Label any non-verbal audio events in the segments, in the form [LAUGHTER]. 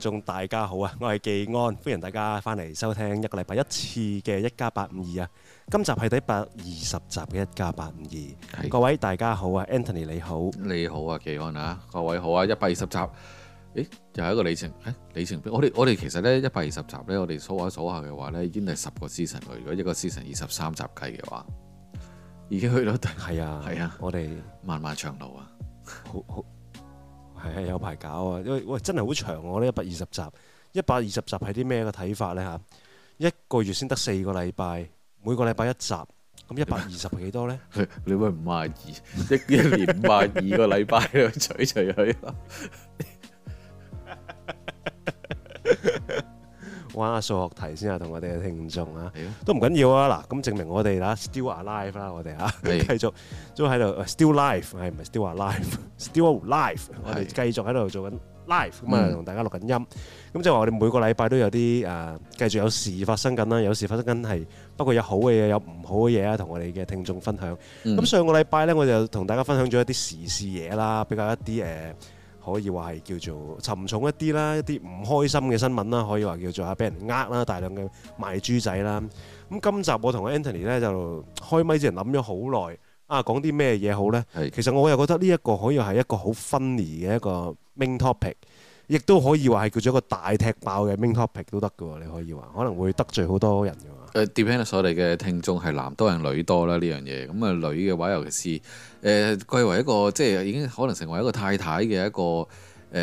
眾大家好啊，我係紀安，歡迎大家翻嚟收聽一個禮拜一次嘅一加八五二啊。今集係第一百二十集嘅一加八五二。各位大家好啊，Anthony 你好。你好啊，紀安啊，各位好啊，一百二十集，誒，又係一個里程，誒，里程碑。我哋我哋其實咧一百二十集咧，我哋數下數下嘅話咧，已經係十個 season。如果一個 season 二十三集計嘅話，已經去到第。係啊係啊，我哋漫漫長路啊，好好。係啊， [MUSIC] 有排搞啊，因為喂真係好長喎、啊，呢一百二十集，一百二十集係啲咩嘅睇法呢？吓，一個月先得四個禮拜，每個禮拜一集，咁一百二十係幾多呢？你你咪唔五十二，一一年五十二個禮拜，取取佢。玩下數學題先啊，同我哋嘅聽眾啊， [MUSIC] 都唔緊要啊嗱，咁證明我哋啦，still alive 啦、啊，我哋啊，是 [LAUGHS] 繼續都喺度，still life 係 [LAUGHS] 唔係 still alive？still a l 是 i v e 我哋繼續喺度做緊 life，咁啊同大家錄緊音，咁即係話我哋每個禮拜都有啲誒、呃，繼續有事發生緊啦，有事發生緊係包括有好嘅嘢，有唔好嘅嘢啊，同我哋嘅聽眾分享。咁、嗯、上個禮拜咧，我就同大家分享咗一啲時事嘢啦，比較一啲誒。呃可以話係叫做沉重一啲啦，一啲唔開心嘅新聞啦，可以話叫做啊，俾人呃啦，大量嘅賣豬仔啦。咁今集我同 Anthony 咧就開咪之前諗咗好耐，啊講啲咩嘢好咧？其實我又覺得呢一個可以係一個好 funny 嘅一個 main topic，亦都可以話係叫做一個大踢爆嘅 main topic 都得㗎喎。你可以話可能會得罪好多人嘅。誒、uh，depend 咗我哋嘅聽眾係男多定女多啦呢樣嘢，咁、嗯、啊女嘅話，尤其是誒，歸、呃、為一個即係已經可能成為一個太太嘅一個誒誒、呃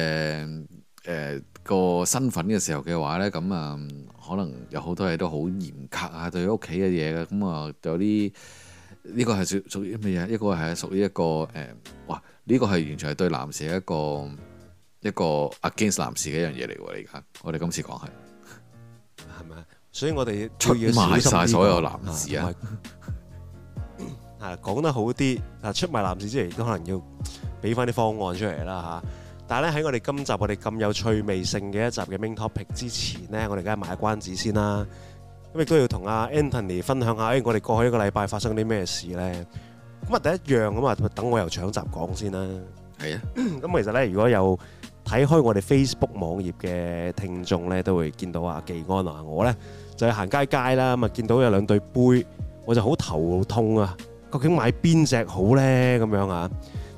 呃、個身份嘅時候嘅話咧，咁啊、嗯、可能有好多嘢都好嚴格啊，對屋企嘅嘢嘅，咁啊、嗯、有啲呢、這個係屬屬於咩嘢？呢、這個係屬於一個誒、呃，哇！呢、這個係完全係對男士一個一個 against 男士嘅一樣嘢嚟喎，而家我哋今次講係係咪？所以我哋仲要小心啲啊！出賣晒所有男士啊，啊講得好啲，但出賣男士之餘，亦都可能要俾翻啲方案出嚟啦嚇。但係咧喺我哋今集我哋咁有趣味性嘅一集嘅 Main Topic 之前咧，我哋梗係買關子先啦。咁亦都要同阿 Anthony 分享下，我哋過去一個禮拜發生啲咩事咧？咁啊第一樣咁啊，等我由搶閘講先啦。係啊，咁其實咧，如果有睇開我哋 Facebook 網頁嘅聽眾咧，都會見到阿紀安啊我咧。就係行街街啦，咪見到有兩對杯，我就好頭痛啊！究竟買邊隻好咧？咁樣啊，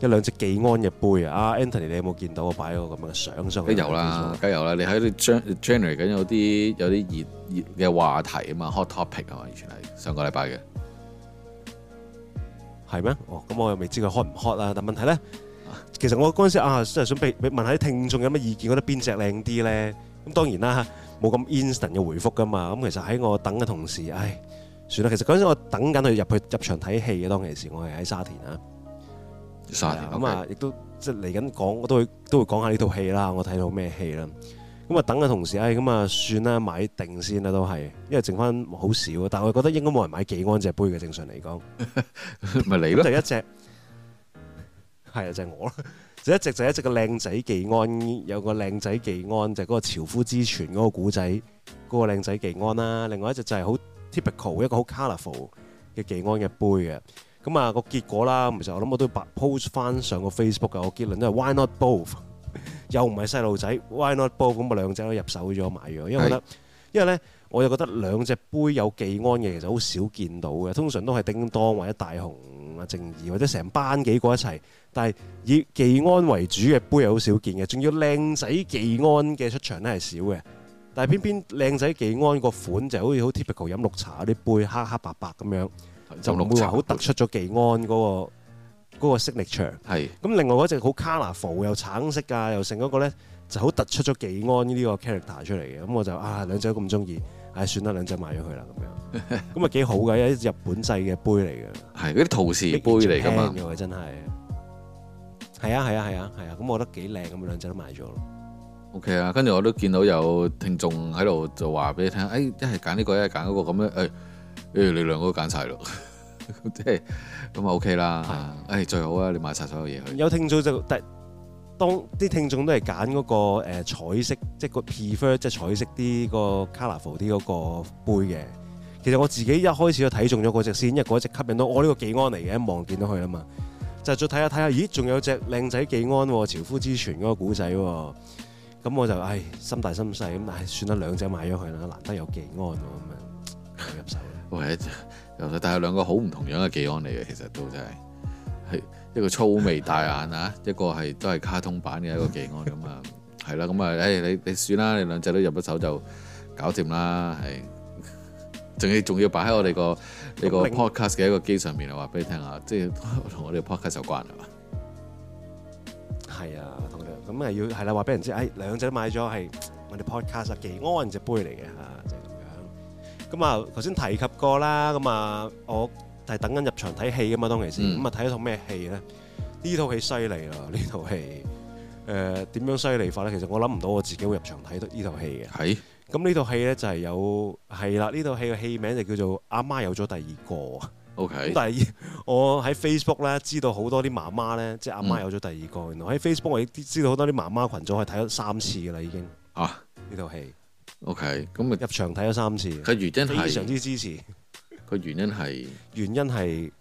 有兩隻技安嘅杯啊，Anthony，你有冇見到我擺咗個咁樣嘅相上？梗有啦，梗有啦，你喺度 generate 緊有啲有啲熱熱嘅話題啊嘛，hot topic 啊嘛，完全係上個禮拜嘅，係咩？咁、哦、我又未知佢 hot 唔 hot 啦。但問題咧，其實我嗰陣時啊，真係想俾問下啲聽眾有咩意見，覺得邊隻靚啲咧？咁當然啦。冇咁 instant 嘅回覆㗎嘛，咁其實喺我等嘅同時，唉，算啦。其實嗰陣時我等緊佢入去入場睇戲嘅，當其時我係喺沙田啊，沙田咁啊，亦都即係嚟緊講，我都會都會講下呢套戲啦，我睇到咩戲啦。咁啊，等嘅同時，唉，咁啊，算啦，買定先啦，都係，因為剩返好少，但係我覺得應該冇人買幾安隻杯嘅，正常嚟講，咪你咯，第一隻，係啊，就我啦。一隻就係一隻個靚仔技安，有個靚仔技安就係嗰個樵夫之泉嗰個古仔嗰個靚仔技安啦。另外一隻就係好 typical 一個好 colourful 嘅技安嘅杯嘅。咁啊，個結果啦，其實我諗我都 post 翻上個 Facebook 嘅個結論都係 why not both？又唔係細路仔，why not both？咁啊，兩隻都入手咗買咗，因為覺得因為咧，我就覺得兩隻杯有技安嘅其實好少見到嘅，通常都係叮當或者大雄。啊！正義或者成班幾個一齊，但係以忌安為主嘅杯又好少見嘅，仲要靚仔忌安嘅出場咧係少嘅。但係偏偏靚仔忌安個款就好似好 typical 飲綠茶啲杯黑黑白白咁樣，就唔會話好突出咗忌安嗰個嗰個 signature。係咁是，另外嗰隻好 colorful 又橙色又啊，又成嗰個咧就好突出咗忌安呢個 character 出嚟嘅。咁我就啊兩仔都咁中意。唉，算啦，兩隻買咗佢啦，咁樣咁啊幾好嘅， [LAUGHS] 一啲日本製嘅杯嚟嘅，係嗰啲陶瓷杯嚟嘅嘛，真係係啊係啊係啊係啊，咁、啊啊啊啊啊、我覺得幾靚咁，兩隻都買咗咯。O K 啊，跟住我都見到有聽眾喺度就話俾你聽，唉、欸，一係揀呢個，一係揀嗰個咁樣，誒、欸，你兩個都揀晒咯，即係咁啊 O K 啦，誒的、欸、最好啊，你買晒所有嘢去。有聽眾就第。當啲聽眾都係揀嗰個彩色，即係個 prefer，即係彩色啲個 colorful 啲嗰個杯嘅。其實我自己一開始都睇中咗嗰隻先，因為嗰隻吸引到我呢個技安嚟嘅，一望見到佢啊嘛。就再睇下睇下，咦？仲有隻靚仔技安、啊，樵夫之泉嗰個古仔喎。咁我就唉，心大心細咁，唉，算啦，兩隻買咗佢啦，難得有技安喎咁樣入手。係啊，但係兩個好唔同樣嘅技安嚟嘅，其實都真係係。一個粗眉大眼啊， [LAUGHS] 一個係都係卡通版嘅一個技安咁啊，係啦，咁啊， [LAUGHS] 誒你你算啦，你兩隻都入咗手就搞掂啦，係，仲要仲要擺喺我哋、嗯、個呢個 podcast 嘅一個機上面啊，話俾你、嗯嗯、你聽下，即係同我哋 podcast 有關係嘛，係啊，同你咁啊要係啦，話俾人知，誒、哎、兩隻都買咗係我哋 podcast 嘅技安隻杯嚟嘅吓，就係咁、是、樣，咁啊頭先提及過啦，咁啊我。係等緊入場睇戲噶嘛，當其時咁啊睇一套咩戲咧？戲呢套戲犀利啦！戲戲呃、呢套戲誒點樣犀利法咧？其實我諗唔到我自己會入場睇是呢套戲嘅。係咁呢套戲咧就係、是、有係啦，呢套戲嘅戲名就叫做《阿媽有咗第二個》。OK，但係我喺 Facebook 咧知道好多啲媽媽咧，即係阿媽有咗第二個。嗯、原來喺 Facebook 我，我知道好多啲媽媽群組係睇咗三次噶啦，已經啊呢套戲。OK，咁啊入場睇咗三次，佢認真係非常之支持。個原因係原因係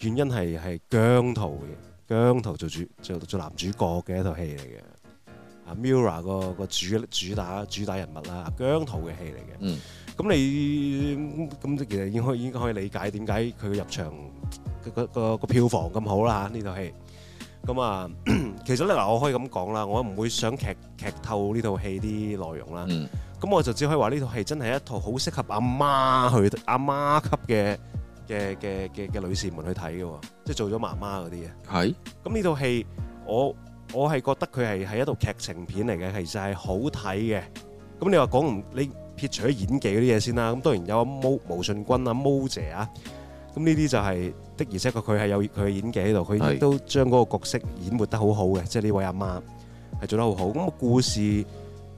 原因係係姜濤嘅姜濤做主做做男主角嘅一套戲嚟嘅，阿 Mira 個個主主打主打人物啦，姜濤嘅戲嚟嘅，咁、嗯、你咁其實已經可以已經可以理解點解佢嘅入場個個,個票房咁好啦嚇呢套戲。咁啊，其實咧嗱，我可以咁講啦，我唔會想劇劇透呢套戲啲內容啦。咁、嗯、我就只可以話呢套戲真係一套好適合阿媽去阿媽級嘅嘅嘅嘅嘅女士們去睇嘅，即係做咗媽媽嗰啲嘅。係是。咁呢套戲，我我係覺得佢係係一套劇情片嚟嘅，其實係好睇嘅。咁你話講唔？你撇除咗演技嗰啲嘢先啦。咁當然有毛毛舜筠啊，毛姐啊。咁呢啲就係、是、的而且確，佢係有佢嘅演技喺度，佢亦都將嗰個角色演活得好好嘅，是即係呢位阿媽係做得好好。咁個故事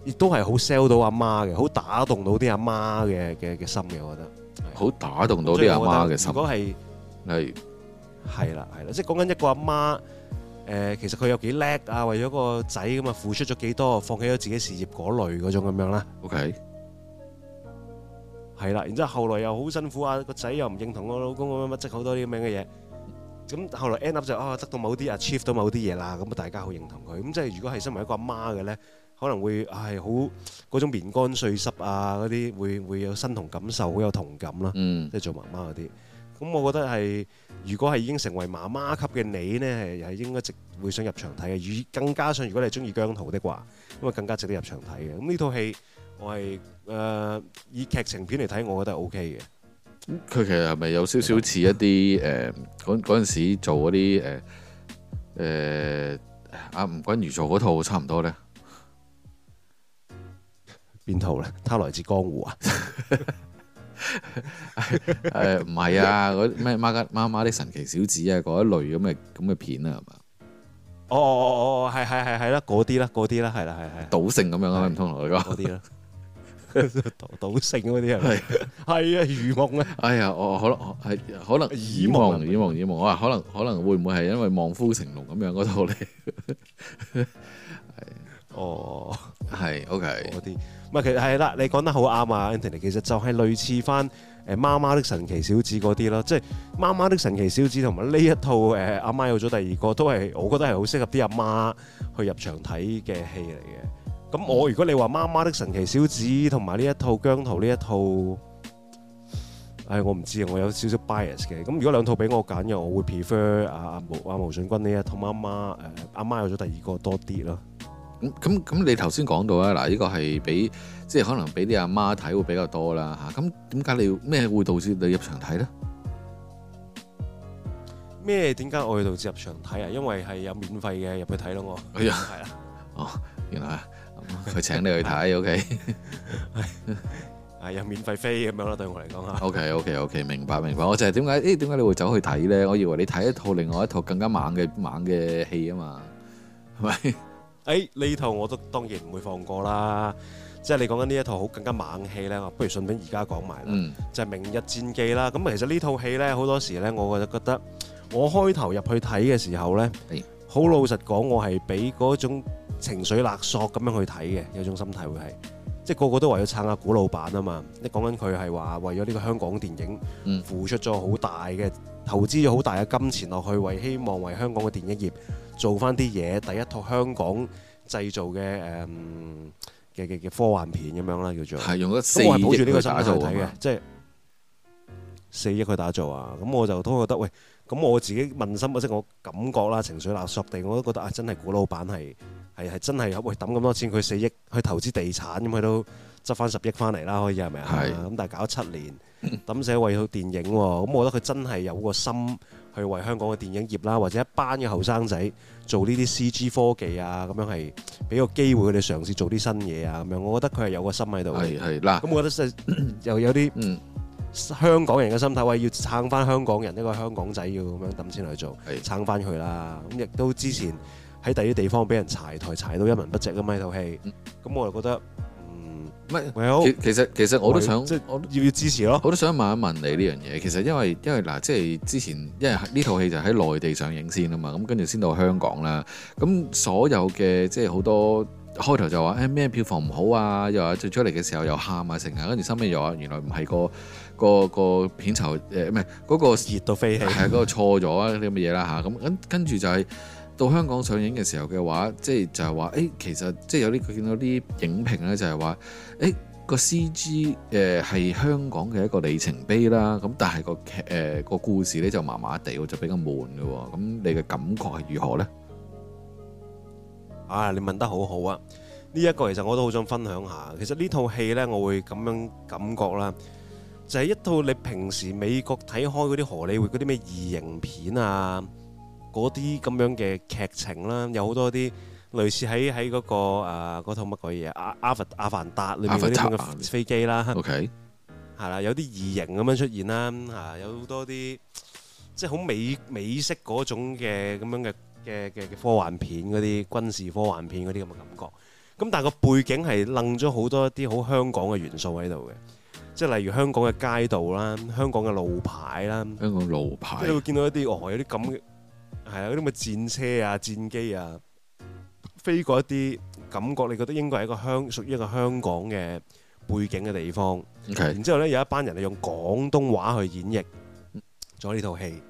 亦都係好 sell 到阿媽嘅，好打動到啲阿媽嘅嘅嘅心嘅，我覺得。好打動到啲阿媽嘅心。如果係係係啦係啦，即係講緊一個阿媽，誒、呃，其實佢有幾叻啊？為咗個仔咁啊，付出咗幾多，放棄咗自己事業嗰類嗰種咁樣啦。OK。係啦，然之後後來又好辛苦啊，個仔又唔認同我老公乜乜，即好多啲咁樣嘅嘢。咁後來 end up 就啊得到某啲 achieve 到某啲嘢啦，咁大家好認同佢。咁即係如果係身為一個阿媽嘅咧，可能會係好嗰種棉乾碎濕啊，嗰啲會會有身同感受，好有同感啦。嗯、即係做媽媽嗰啲。咁我覺得係如果係已經成為媽媽級嘅你呢，係係應該值會想入場睇嘅。更加上，如果你係中意姜濤的話，咁啊更加值得入場睇嘅。咁呢套戲。我係誒、呃、以劇情片嚟睇，我覺得 O K 嘅。佢其實係咪有少少似一啲誒嗰嗰陣時做嗰啲誒誒阿吳君如做嗰套差唔多咧？邊套咧？他來自江湖啊？誒唔係啊？咩媽媽的神奇小子啊？嗰一類咁嘅咁嘅片啊？係嘛、哦？哦哦哦哦，係係係係啦，嗰啲啦，嗰啲啦，係啦，係係賭聖咁樣啊？唔通是是同佢講啲啦？賭賭聖嗰啲係係啊，如夢啊！哎呀，我可能係可能，如夢如夢如夢，我話可能可能會唔會係因為望夫成龍咁樣嗰套咧？係 [LAUGHS] 的哦，係 OK 嗰啲，唔係其實係啦，你講得好啱啊 Antony，其實就係類似翻誒《媽媽的神奇小子》嗰啲咯，即係《媽媽的神奇小子》同埋呢一套誒阿媽有咗第二個，都係我覺得係好適合啲阿媽去入場睇嘅戲嚟嘅。咁我如果你話媽媽的神奇小子同埋呢一套姜濤呢一套，唉我唔知啊，我有少少 bias 嘅。咁如果兩套俾我揀嘅，我會 prefer 阿、啊、阿、啊、毛阿、啊、毛舜筠呢一套媽媽誒阿媽有咗第二個多啲咯。咁咁、嗯嗯嗯嗯、你頭先講到咧嗱，呢個係俾即係可能俾啲阿媽睇會比較多啦吓。咁點解你咩會導致你入場睇呢？咩點解我會導致入場睇啊？因為係有免費嘅入去睇咯，我係啦。哎、呀哦，原來。原來佢請你去睇，OK？係又免費飛咁樣啦，對我嚟講啊。OK OK OK，明白明白。我就係點解？誒點解你會走去睇咧？我以為你睇一套另外一套更加猛嘅猛嘅戲啊嘛，係咪？誒呢套我都當然唔會放過啦。即係你講緊呢一套好更加猛戲咧，我不如順便而家講埋啦。嗯，就係《明日戰記》啦。咁其實呢套戲咧，好多時咧，我覺得覺得我開頭入去睇嘅時候咧，好、欸、老實講，我係俾嗰種。情緒勒索咁樣去睇嘅，有種心態會，會係即係個個都為咗撐阿古老闆啊嘛！你講緊佢係話為咗呢個香港電影付出咗好大嘅、嗯、投資，咗好大嘅金錢落去，為希望為香港嘅電影業做翻啲嘢。第一套香港製造嘅誒嘅嘅科幻片咁樣啦，叫做係用咗四億去打造嘅，即係四億去打造啊！咁我就都覺得喂。咁我自己問心，或者我感覺啦，情緒勒索地，我都覺得啊、哎，真係古老闆係係係真係，喂，抌咁多錢，佢四億去投資地產，咁佢都執翻十億翻嚟啦，可以係咪啊？係。咁是但係搞咗七年，抌死為套電影，咁、啊嗯、我覺得佢真係有個心去為香港嘅電影業啦，或者一班嘅後生仔做呢啲 CG 科技啊，咁樣係俾個機會佢哋嘗試做啲新嘢啊，咁樣，我覺得佢係有個心喺度。係係啦。咁我覺得又有啲嗯。嗯香港人嘅心態，喂，要撐翻香港人一個香港仔，要咁樣揼錢去做，撐翻佢啦。咁亦都之前喺第啲地方俾人踩台，踩到一文不值咁。呢套戲，咁我就覺得，嗯，咪，其實其實我都想，即我都要支持咯。我都想問一問你呢樣嘢。其實因為因為嗱，即係之前，因為呢套戲就喺內地上映先啊嘛，咁跟住先到香港啦。咁所有嘅即係好多開頭就話，咩票房唔好啊，又話出出嚟嘅時候又喊啊，成日跟住收尾又話原來唔係個。個個片酬誒，唔係嗰個熱到飛起，係嗰、那個錯咗啊啲咁嘅嘢啦嚇。咁咁 [LAUGHS] 跟住就係、是、到香港上映嘅時候嘅話，即係就係話誒，其實即係有啲、這、佢、個、見到啲影評咧，就係話誒個 CG 誒係香港嘅一個里程碑啦。咁但係、那個劇誒、呃、故事咧就麻麻地，就比較悶嘅。咁你嘅感覺係如何咧？啊，你問得好好啊！呢、這、一個其實我都好想分享下。其實呢套戲咧，我會咁樣感覺啦。就係一套你平時美國睇開嗰啲荷里活嗰啲咩異形片啊，嗰啲咁樣嘅劇情啦，有好多啲類似喺喺嗰個啊嗰套乜鬼嘢《阿阿凡達》裏面嗰啲咁嘅飛機啦，OK，係啦，有啲異形咁樣出現啦，嚇有好多啲即係好美美式嗰種嘅咁樣嘅嘅嘅科幻片，嗰啲軍事科幻片嗰啲咁嘅感覺，咁但係個背景係楞咗好多一啲好香港嘅元素喺度嘅。即係例如香港嘅街道啦，香港嘅路牌啦，香港路牌，即係、啊、會見到一啲哦，有啲咁係啊，嗰啲咁嘅戰車啊、戰機啊，飛過一啲感覺，你覺得應該係一個香屬於一個香港嘅背景嘅地方。Okay. 然之後咧，有一班人係用廣東話去演繹咗呢套戲。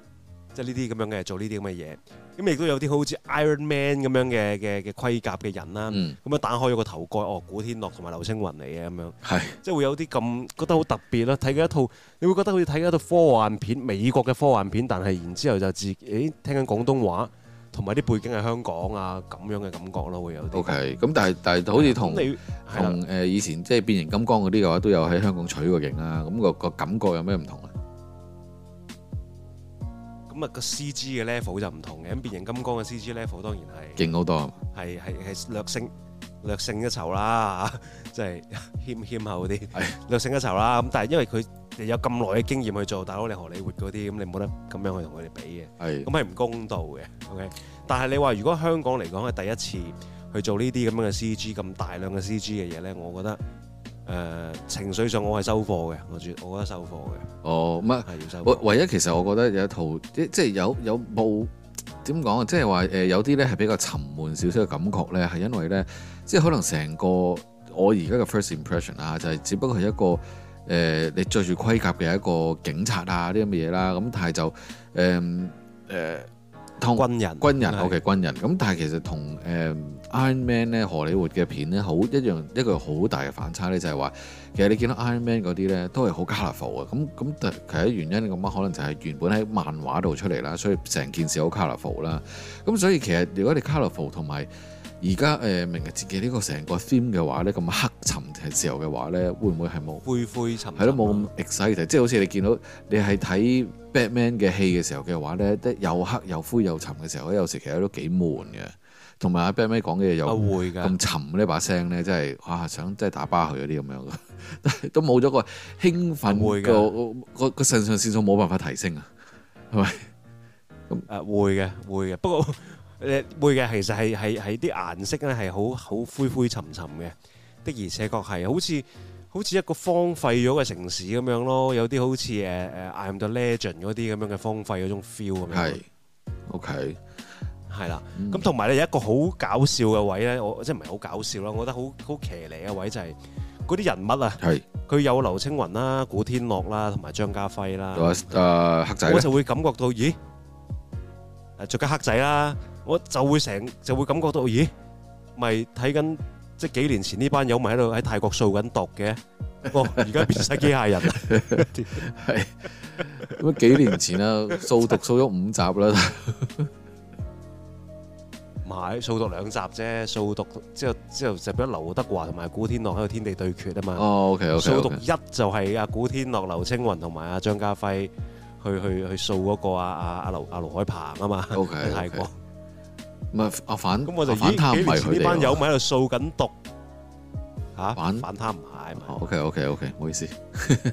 即係呢啲咁樣嘅做呢啲咁嘅嘢，咁亦都有啲好似 Iron Man 咁樣嘅嘅嘅盔甲嘅人啦，咁樣、嗯、打開咗個頭蓋，哦古天樂同埋劉青雲嚟嘅咁樣，係是即係會有啲咁覺得好特別咯、啊。睇緊一套，你會覺得好似睇緊一套科幻片，美國嘅科幻片，但係然之後就自誒聽緊廣東話，同埋啲背景係香港啊咁樣嘅感覺咯、啊，會有啲 OK。咁但係但係好似同同誒以前即係變形金剛嗰啲嘅話，都有喺香港取過影啦，咁、那個、那個那個感覺有咩唔同啊？咁啊個 C G 嘅 level 就唔同嘅，咁變形金剛嘅 C G level 當然係勁好多，係係係略勝略勝一籌啦，即係欠欠後啲略勝一籌啦。咁但係因為佢有咁耐嘅經驗去做，大佬你荷里活嗰啲，咁你冇得咁樣去同佢哋比嘅，咁係唔公道嘅。OK，但係你話如果香港嚟講係第一次去做呢啲咁樣嘅 C G 咁大量嘅 C G 嘅嘢咧，我覺得。誒、呃、情緒上我係收貨嘅，我主我覺得收貨嘅。哦，乜？係要收貨嘅。唯唯一其實我覺得有一套即即有有冇點講啊？即係話誒有啲咧係比較沉悶少少嘅感覺咧，係因為咧即係可能成個我而家嘅 first impression 啊，就係、是、只不過係一個誒、呃、你着住盔甲嘅一個警察啊啲咁嘅嘢啦。咁、啊、但係就誒誒。呃呃跟軍人，軍人，ok 軍人。咁但係其實同誒、uh, Iron Man 咧，荷里活嘅片咧，好一樣一個好大嘅反差咧，就係、是、話、嗯、其實你見到 Iron Man 嗰啲咧，都係好 colourful 嘅。咁咁其實原因咁啊，可能就係原本喺漫畫度出嚟啦，所以成件事好 colourful 啦。咁所以其實如果你 colourful 同埋而家誒《明日戰記》嘅呢個成個 theme 嘅話咧，咁黑沉嘅時候嘅話咧，會唔會係冇灰灰沉沉？係咯、嗯，冇咁 excited，即係好似你見到你係睇 Batman 嘅戲嘅時候嘅話咧，即又黑又灰又沉嘅時候咧，有時其實都幾悶嘅。同埋阿 Batman 講嘅嘢又會咁沉呢把聲咧，啊、真係哇！想即係打巴佢嗰啲咁樣， [LAUGHS] 都冇咗個興奮、啊、會個個個腎上腺素冇辦法提升是是啊，係咪？咁啊會嘅會嘅，不過。誒，會嘅，其實係係係啲顏色咧，係好好灰灰沉沉嘅，的而且確係好似好似一個荒廢咗嘅城市咁樣咯，有啲好似誒誒《I Am The Legend》嗰啲咁樣嘅荒廢嗰種 feel 咁樣。係，OK，係啦，咁同埋咧，有一個好搞笑嘅位咧，我即係唔係好搞笑啦，我覺得好好騎呢嘅位就係嗰啲人物啊，係，佢有劉青雲啦、古天樂啦、同埋張家輝啦，誒黑仔，我就會感覺到，咦，誒仲有黑仔啦。我就會成就會感覺到，咦？咪睇緊即係幾年前呢班友咪喺度喺泰國掃緊毒嘅？哦！而家變晒機械人啦，係咁幾年前啊， [LAUGHS] 掃毒掃咗五集啦，咪 [LAUGHS] 掃毒兩集啫，掃毒之後之後就俾劉德華同埋古天樂喺度天地對決啊嘛。哦，OK OK。掃毒一就係阿古天樂、劉青雲同埋阿張家輝去去去掃嗰個阿阿阿盧阿盧海鵬啊嘛。OK，泰國。唔係阿反，咁我就反貪埋佢呢班友咪喺度掃緊毒。吓，反反貪唔係。O K O K O K，唔好意思。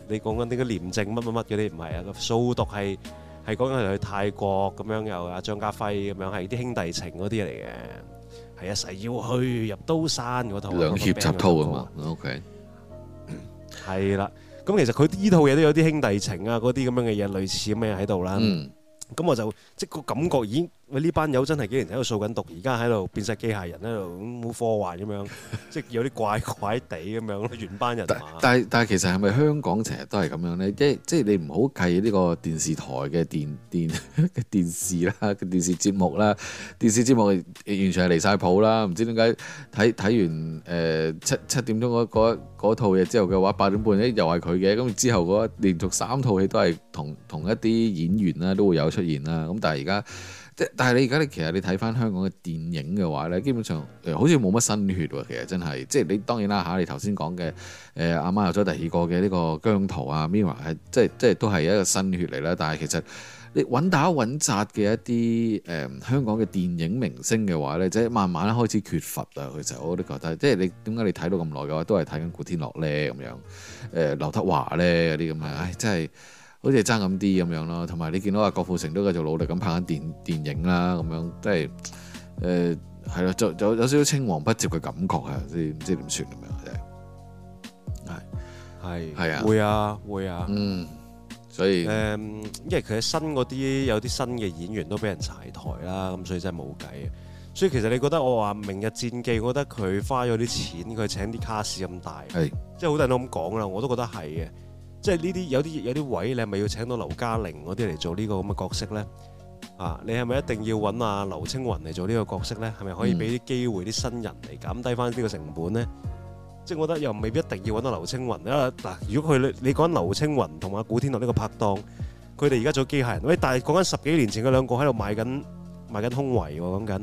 你講緊點解廉政乜乜乜嗰啲唔係啊，掃毒係係講緊佢去泰國咁樣，又阿張家輝咁樣，係啲兄弟情嗰啲嚟嘅。係啊，誓要去入刀山嗰套。兩肋插刀啊嘛。O K。係啦，咁其實佢呢套嘢都有啲兄弟情啊，嗰啲咁樣嘅嘢，類似咁嘢喺度啦。咁我就即係個感覺，已經。喂，呢班友真係竟然喺度掃緊毒，而家喺度變晒機械人，喺度咁科幻咁樣， [LAUGHS] 即係有啲怪怪地咁樣咯，原班人馬。但但但係其實係咪香港成日都係咁樣咧？即即係你唔好計呢個電視台嘅電電嘅電，電視啦，嘅電視節目啦，電視節目，目完全係離晒譜啦。唔知點解睇睇完誒、呃、七七點鐘嗰套嘢之後嘅話，八點半又係佢嘅。咁之後嗰連續三套戲都係同同一啲演員啦都會有出現啦。咁但係而家。但係你而家你其實你睇翻香港嘅電影嘅話咧，基本上誒、呃、好似冇乜新血喎，其實真係，即係你當然啦嚇，你頭先講嘅誒阿媽有咗第二個嘅呢個姜濤啊 Mirror 係即係即係都係一個新血嚟啦。但係其實你穩打穩紮嘅一啲誒、呃、香港嘅電影明星嘅話咧，即係慢慢開始缺乏啦。其實我都覺得，即係你點解你睇到咁耐嘅話，都係睇緊古天樂咧咁樣，誒、呃、劉德華咧嗰啲咁啊，唉、哎、真係。好似爭咁啲咁樣咯，同埋你見到阿郭富城都繼續努力咁拍緊電電影啦，咁樣即係誒係咯，就、呃、有，有少少青黃不接嘅感覺啊！啲唔知點算咁樣，真係係啊！會啊會啊！嗯，所以誒、呃，因為佢新嗰啲有啲新嘅演員都俾人踩台啦，咁所以真係冇計啊！所以其實你覺得我話《明日戰記》，我覺得佢花咗啲錢，佢、嗯、請啲卡 a 咁大，係即係好多人都咁講啦，我都覺得係嘅。即係呢啲有啲有啲位，你係咪要請到劉嘉玲嗰啲嚟做呢個咁嘅角色咧？啊，你係咪一定要揾阿劉青雲嚟做呢個角色咧？係咪可以俾啲機會啲新人嚟減低翻呢個成本咧？即係我覺得又未必一定要揾到劉青雲啊！嗱，如果佢你講緊劉青雲同阿古天樂呢個拍檔，佢哋而家做機械人，喂！但係講緊十幾年前嗰兩個喺度賣緊賣緊胸圍喎，講緊。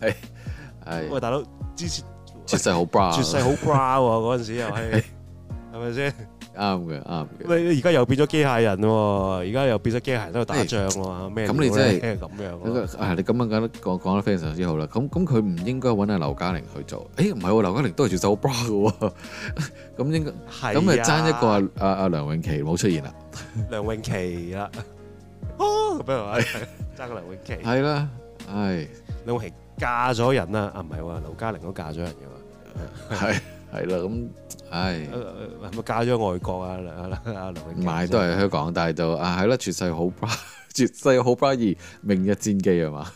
係係。喂，大佬，之前絕世好 bra，絕世好 bra 喎，嗰陣時又係。係咪先？啱嘅，啱嘅。喂，而家又變咗機械人喎、喔，而家又變咗機械人喺度打仗喎、喔，咩咁你真係咁樣。嗯、你咁樣講得講得非常之好啦。咁咁佢唔應該揾阿劉嘉玲去做。誒、欸，唔係喎，劉嘉玲都係做酒吧嘅。咁 [LAUGHS] 應該，咁啊爭一個阿阿阿梁詠琪冇出現啦。梁詠琪啦，哦，不如話爭個梁詠琪。係啦，係、啊。梁詠琪嫁咗人啦，唔係喎，劉嘉玲都嫁咗人嘅嘛，係。係啦，咁唉，唔係咪嫁咗外國 [LAUGHS] 啊？阿阿劉永，買都係香港，但係就啊，係啦，絕世好，巴、 [LAUGHS] 啊，絕世好，巴二明日戰記啊嘛，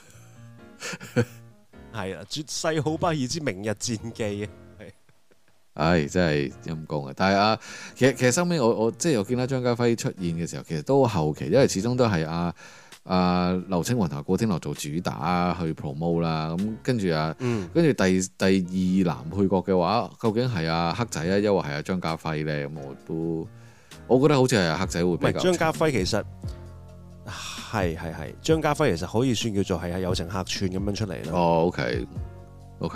係啊，絕世好巴二之明日戰記啊，係，唉，真係陰功啊！但係啊，其實其實收尾我我即係我見到張家輝出現嘅時候，其實都好後期，因為始終都係啊。啊，劉、呃、青雲同古天樂做主打去 promote 啦、嗯，咁跟住啊，跟住第第二男配角嘅話，究竟係阿黑仔咧，抑或係阿張家輝咧？我都，我覺得好似係阿黑仔會比較。張家輝其實係係係，張家輝其實可以算叫做係友情客串咁樣出嚟咯。哦，OK，OK，、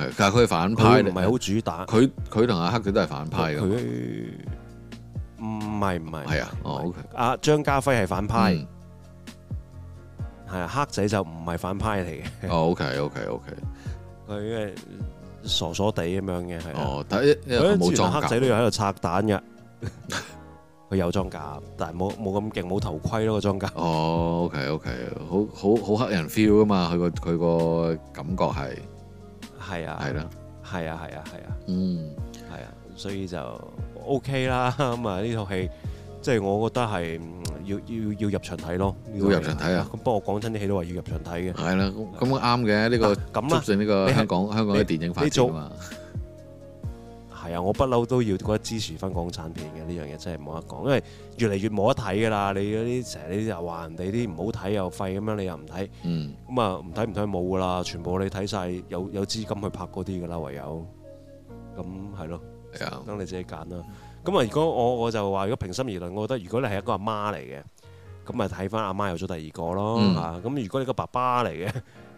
okay, okay, 但係佢反派唔係好主打，佢佢同阿黑仔都係反派嘅。佢唔係唔係，係啊、哦、，OK，阿張、啊、家輝係反派。嗯係啊，黑仔就唔係反派嚟嘅。哦，OK，OK，OK。佢嘅傻傻地咁樣嘅係。哦、啊，第一、oh,，佢冇裝甲黑仔都要喺度拆彈嘅。佢 [LAUGHS] [LAUGHS] 有裝甲，但係冇冇咁勁，冇頭盔咯、啊、個裝甲。哦、oh,，OK，OK，、okay, okay. 好好好黑人 feel 啊嘛，佢個佢個感覺係。係啊。係咯。係啊，係啊，係啊。嗯、啊。係啊,、mm. 啊，所以就 OK 啦。咁 [LAUGHS] 啊、嗯，呢套戲。即係我覺得係要要要入場睇咯，要入場睇啊！咁不過我講真啲戲都話要入場睇嘅。係啦，咁啱嘅呢個，咁啊，呢個香港、啊、香港嘅電影發展啊係 [LAUGHS] 啊，我不嬲都要覺得支持翻港產片嘅呢樣嘢真係冇得講，因為越嚟越冇得睇噶啦！你嗰啲成日你又話人哋啲唔好睇又廢咁樣，你又唔睇。嗯。咁啊唔睇唔睇冇噶啦，全部你睇晒，有有資金去拍嗰啲噶啦，唯有。咁係咯，等你自己揀啦。嗯。咁啊！如果我我就話，如果平心而論，我覺得如果你係一個阿媽嚟嘅，咁咪睇翻阿媽有咗第二個咯吓。咁如果你個爸爸嚟嘅，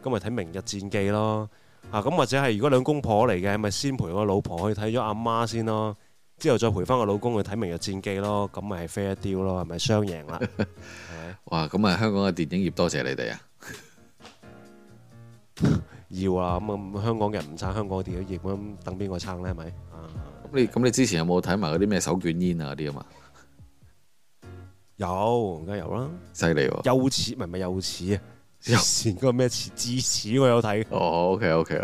咁咪睇《明日戰記》咯。啊，咁或者係如果兩公婆嚟嘅，咪先陪個老婆去睇咗阿媽先咯，之後再陪翻個老公去睇《明日戰記》咯。咁咪係 fair deal 咯，係咪雙贏啦？哇！咁啊，香港嘅電影業多謝你哋啊！要啊！咁啊，香港嘅人唔撐香港嘅電影業，咁等邊個撐咧？係咪？咁你之前有冇睇埋嗰啲咩手捲煙啊嗰啲啊嘛？有梗有啦，犀利喎！幼齒係咪幼齒啊，幼齒嗰個咩齒？智齒我有睇。哦，OK OK，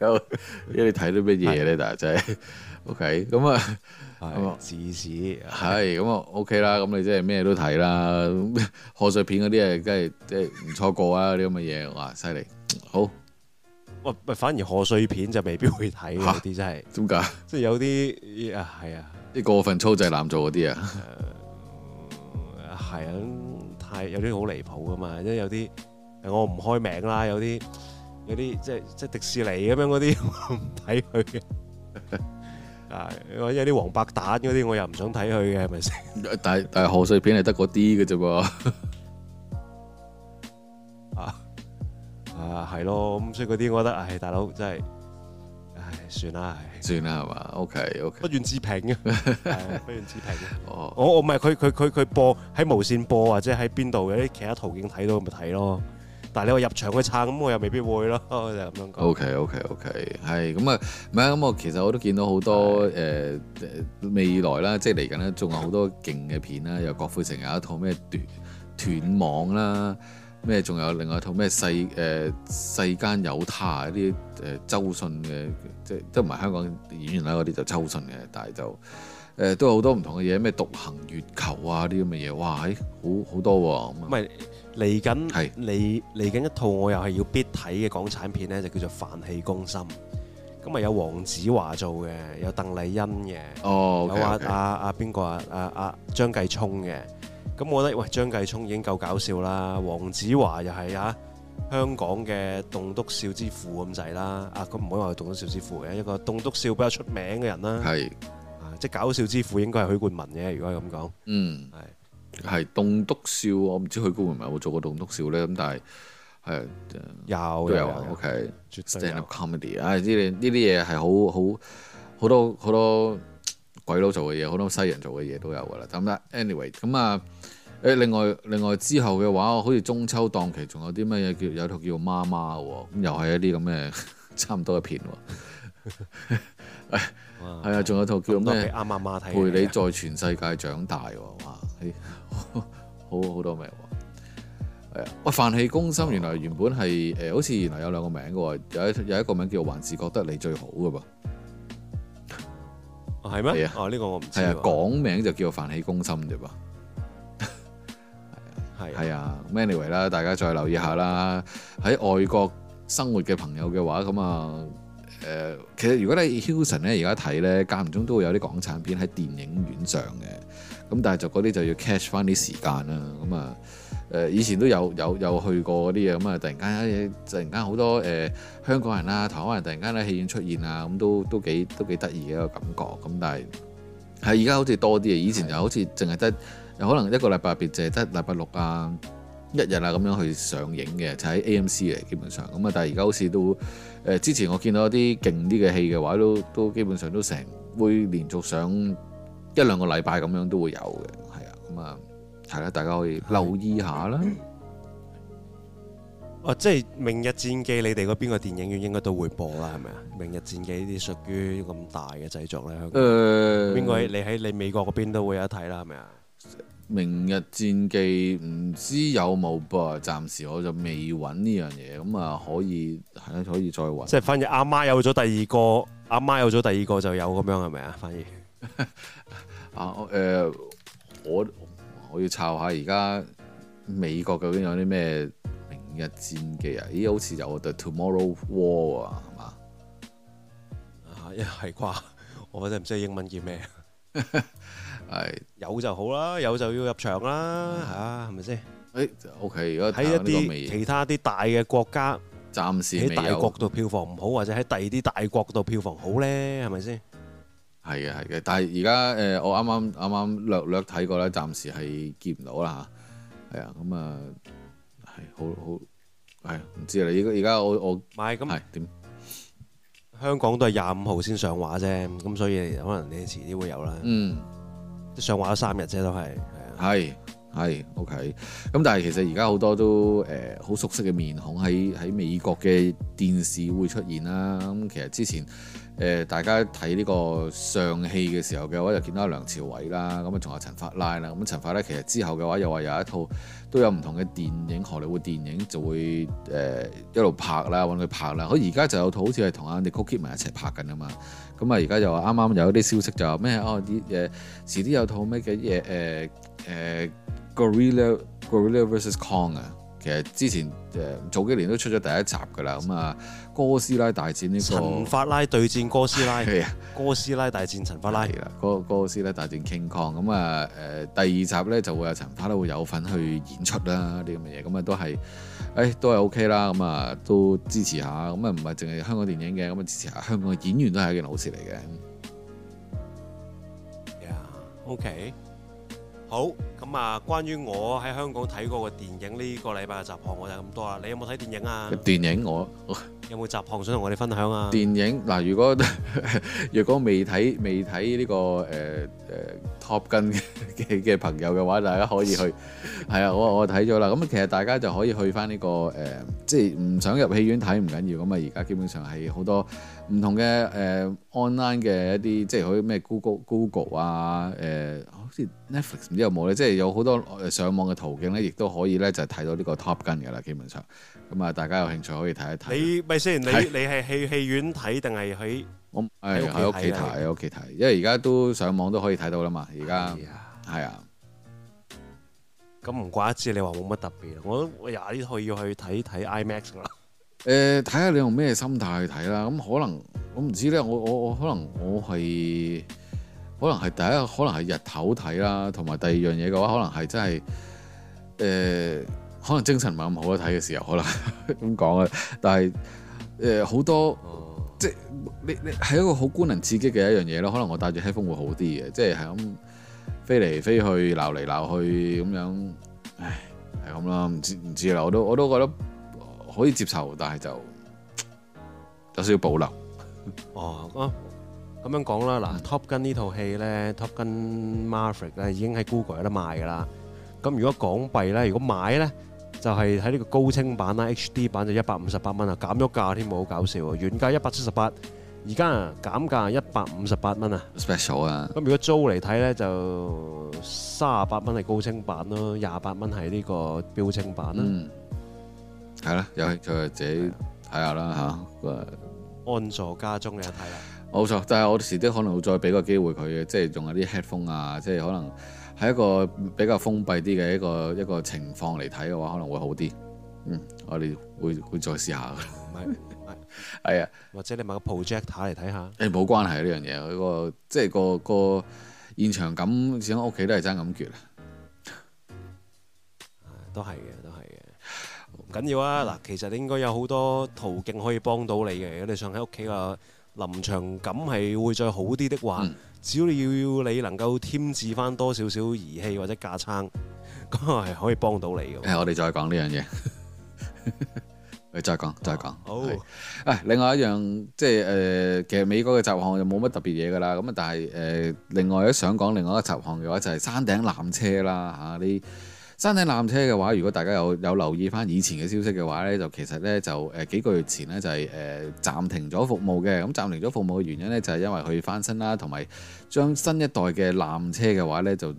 有，你睇到乜嘢咧？大仔，OK，咁啊，是我智齒係咁啊 OK 啦，咁你真係咩都睇啦。賀歲片嗰啲啊，梗係即係唔錯過啊！啲咁嘅嘢哇，犀利好。喂喂，反而賀歲片就未必會睇嗰啲，真係。點解？即係有啲啊，係啊，啲過分粗製濫做嗰啲啊，係啊，太有啲好離譜噶嘛，因為有啲我唔開名啦，有啲有啲即係即係迪士尼咁樣嗰啲，我唔睇佢嘅。 [LAUGHS] 啊，有啲黃白蛋嗰啲，我又唔想睇佢嘅，係咪先？但係但係賀歲片係得嗰啲噶啫嘛。啊。 [LAUGHS] 啊啊，係咯，咁、嗯、所以嗰啲，我覺得，唉、哎，大佬真係，唉，算啦，算啦，係嘛，OK，OK，不願置評嘅，不願置評。哦、啊，我我唔係佢佢佢佢播喺無線播或者喺邊度嘅啲其他途徑睇到，咪睇咯。但係你話入場去撐，咁我又未必會咯，就咁樣講。OK，OK，OK，係咁啊，唔咁我其實我都見到好多誒、啊、未來啦，即係嚟緊咧仲有好多勁嘅片啦，啊、由郭富城有一套咩斷斷網啦。啊啊啊咩仲有另外一套咩世誒、呃、世間有他啲誒、呃、周迅嘅即係都唔係香港演員啦，嗰啲就周迅嘅，但係就誒、呃、都有好多唔同嘅嘢，咩獨行月球啊啲咁嘅嘢，哇、欸、好好多喎咁啊！唔係嚟緊係嚟嚟緊一套我又係要必睇嘅港產片咧，就叫做《飯氣攻心》。咁啊有黃子華做嘅，有鄧麗欣嘅，哦、okay, okay. 有阿阿邊個啊？阿、啊、阿、啊啊啊啊、張繼聰嘅。咁我覺得，喂，張繼聰已經夠搞笑啦。黃子華又係啊，香港嘅棟篤笑之父咁滯啦。啊，咁唔可以話係棟篤笑之父嘅一個棟篤笑比較出名嘅人啦。係是即係搞笑之父應該係許冠文嘅。如果係咁講，嗯，係係棟篤笑，我唔知許冠文係咪做過棟篤笑咧？咁但係係、啊、有的都有，有的 OK 有有 stand up comedy、嗯、啊！呢啲呢啲嘢係好好好，好多好多鬼佬做嘅嘢，好多西人做嘅嘢都有噶啦。咁啦，anyway，咁啊～誒，另外另外之後嘅話，好似中秋檔期仲有啲咩嘢叫有套叫媽媽喎，咁又係一啲咁嘅差唔多嘅片喎。係啊，仲有套叫咩？阿媽媽睇陪你在全世界長大喎，哇，哎、好好，好多名喎。誒，喂，飯氣攻心原來原本係誒哇、呃，好似原來有兩個名嘅喎，有一有一個名叫還是覺得你最好嘅噃。係咩？係啊。呢、哎哦呢個我唔知啊、哎。講名就叫做飯氣攻心啫噃。係啊 anyway 啦，大家再留意下啦。喺外國生活嘅朋友嘅話，咁啊，誒，其實如果你 Hilton 咧而家睇咧，間唔中都會有啲港產片喺電影院上嘅。咁但係就嗰啲就要 catch 翻啲時間啦。咁啊，誒，以前都有有有去過嗰啲嘢，咁啊，突然間一突然間好多誒、呃、香港人啊、台灣人突然間喺戲院出現啊，咁都都幾都幾得意嘅一個感覺。咁但係係而家好似多啲啊，以前就好似淨係得。有可能一個禮拜別淨係得禮拜六啊，一日啊，咁樣去上映嘅，就喺 AMC 嚟，基本上咁啊。但係而家好似都誒，之前我見到有啲勁啲嘅戲嘅話，都都基本上都成會連續上一兩個禮拜咁樣都會有嘅，係啊。咁啊，係啊，大家可以留意下啦的。哦、嗯啊，即係的《明日戰記》嗯，你哋嗰邊個電影院應該都會播啦，係咪啊？《明日戰記》呢啲屬於咁大嘅製作咧，香港邊個？你喺你美國嗰邊都會有得睇啦，係咪啊？明日戰記唔知有冇，暫時我就未揾呢樣嘢，咁、嗯、啊可以係可以再揾。即係反而阿媽有咗第二個，阿媽有咗第二個就有咁樣，係咪啊？反而 [LAUGHS] 啊，誒、呃，我我要抄下而家美國究竟有啲咩明日戰記啊？咦，好似有啊 The Tomorrow War 啊，係嘛？啊，一係啩，我真係唔知英文叫咩。係有就好啦，有就要入場啦，吓係咪先？誒，O K，如果喺一啲其他啲大嘅國家，暫時喺大國度票房唔好，或者喺第二啲大國度票房好咧，係咪先？係嘅，係嘅，但係而家誒，我啱啱啱啱略略睇過咧，暫時係見唔到啦吓。係啊，咁啊，係好好，係唔知啦。你而而家我我係點？香港都係廿五號先上畫啫，咁所以可能你遲啲會有啦。嗯。是上畫咗三日啫，都係係係 OK。咁但係其實而家好多都誒好、呃、熟悉嘅面孔喺喺美國嘅電視會出現啦。咁、嗯、其實之前。誒大家睇呢個上戲嘅時候嘅話，就見到阿梁朝偉啦，咁啊仲有陳法拉啦，咁、嗯、陳法拉其實之後嘅話又話有一套都有唔同嘅電影，荷里活電影就會誒、呃、一路拍啦，揾佢拍啦，佢而家就有套好似係同阿妮可基曼埋一齊拍緊啊嘛，咁啊而家又話啱啱有啲消息就咩哦，啲誒遲啲有套咩嘅嘢誒誒《Gorilla Gorilla vs Kong》啊。其實之前誒早幾年都出咗第一集噶啦，咁啊哥斯拉大戰呢、這個陳法拉對戰哥斯拉，啊啊、哥斯拉大戰陳法拉，嗰、啊、哥，哥斯拉大戰 King Kong，嗯。咁啊誒第二集咧就會有陳法拉會有份去演出啦啲咁嘅嘢，咁啊、嗯、都係誒、哎、都係 O K 啦，咁、嗯、啊都支持下，咁啊唔係淨係香港電影嘅，咁啊支持下香港嘅演員都係一件好事嚟嘅，O K。Yeah, okay. 好咁啊！關於我喺香港睇過嘅電影，呢、這個禮拜嘅雜項我就咁多啦。你有冇睇電影啊？電影我有冇雜項想同我哋分享啊？電影嗱、啊，如果若果未睇未睇呢、這個誒誒、呃 uh, Top Gun 嘅嘅朋友嘅話，大家可以去係 [LAUGHS] 啊！我我睇咗啦。咁、嗯、其實大家就可以去翻呢、這個誒，即係唔想入戲院睇唔緊要咁啊！而家基本上係好多唔同嘅誒、呃、online 嘅一啲，即、就、係、是、可以咩 Google Google 啊誒。呃好似 Netflix 唔知有冇咧，即係有好多上網嘅途徑咧，亦都可以咧就睇、是、到呢個 Top Gun 噶啦，基本上咁啊，大家有興趣可以睇一睇。你咪雖你是你係喺戲院睇定係喺我係喺屋企睇，喺屋企睇，因為而家都上網都可以睇到啦嘛，而家係啊。咁唔怪得知你話冇乜特別啊，別我都廿二歲要去睇睇 IMAX 啦。誒，睇 [LAUGHS] 下、呃、你用咩心態去睇啦。咁可，可能我唔知咧，我我我可能我係。可能係第一個，可能係日頭睇啦，同埋第二樣嘢嘅話，可能係真係，誒、呃，可能精神唔係咁好去睇嘅時候，可能咁講啊。但係，誒、呃，好多，即係你你係一個好官能刺激嘅一樣嘢咯。可能我戴住 headphone 會好啲嘅，即係係咁飛嚟飛去、鬧嚟鬧去咁樣，唉，係咁啦，唔知唔知啦。我都我都覺得可以接受，但係就有少少保留。哦。 [LAUGHS] 咁樣講啦，嗱、嗯、Top 跟呢套戲咧，Top 跟 Maverick 咧已經喺 Google 有得賣㗎啦。咁如果港幣咧，如果買咧，就係喺呢個高清版啦，HD 版就一百五十八蚊啊，減咗價添好搞笑喎！原價一百七十八，而家減價一百五十八蚊啊。Special 啊！咁如果租嚟睇咧，就三十八蚊係高清版咯，廿八蚊係呢個標清版啦。嗯，係啦，有興趣自己睇下啦嚇。的安坐家中嘅一睇啦，冇錯，但係我哋遲啲可能會再俾個機會佢嘅，即係用下啲 headphone 啊，即係可能係一個比較封閉啲嘅一個一個情況嚟睇嘅話，可能會好啲。嗯，我哋會會再試下。唔 [LAUGHS] 係，係 [LAUGHS] 啊，或者你買個 projector 嚟睇下。誒、欸，冇關係啊，呢樣嘢，佢個即係個個現場感，始終屋企都係爭感覺啊，都係嘅，都係。唔緊要啊！嗱，其實你應該有好多途徑可以幫到你嘅。你上喺屋企個臨場感係會再好啲的話，嗯、只要你要你能夠添置翻多少少儀器或者架撐，咁係可以幫到你嘅、哎。我哋再講呢樣嘢，你 [LAUGHS] 再講，再講。好、啊。誒、oh. 哎，另外一樣即係誒、呃，其實美國嘅集項又冇乜特別嘢噶啦。咁啊，但係誒、呃，另外一想講另外一個集項嘅話，就係山頂纜車啦，嚇、啊、啲。山頂纜車嘅話，如果大家有有留意翻以前嘅消息嘅話呢，就其實呢，就誒幾個月前呢，就係、是、誒、呃、暫停咗服務嘅。咁、嗯、暫停咗服務嘅原因呢，就係、是、因為佢翻新啦，同埋將新一代嘅纜車嘅話呢，就誒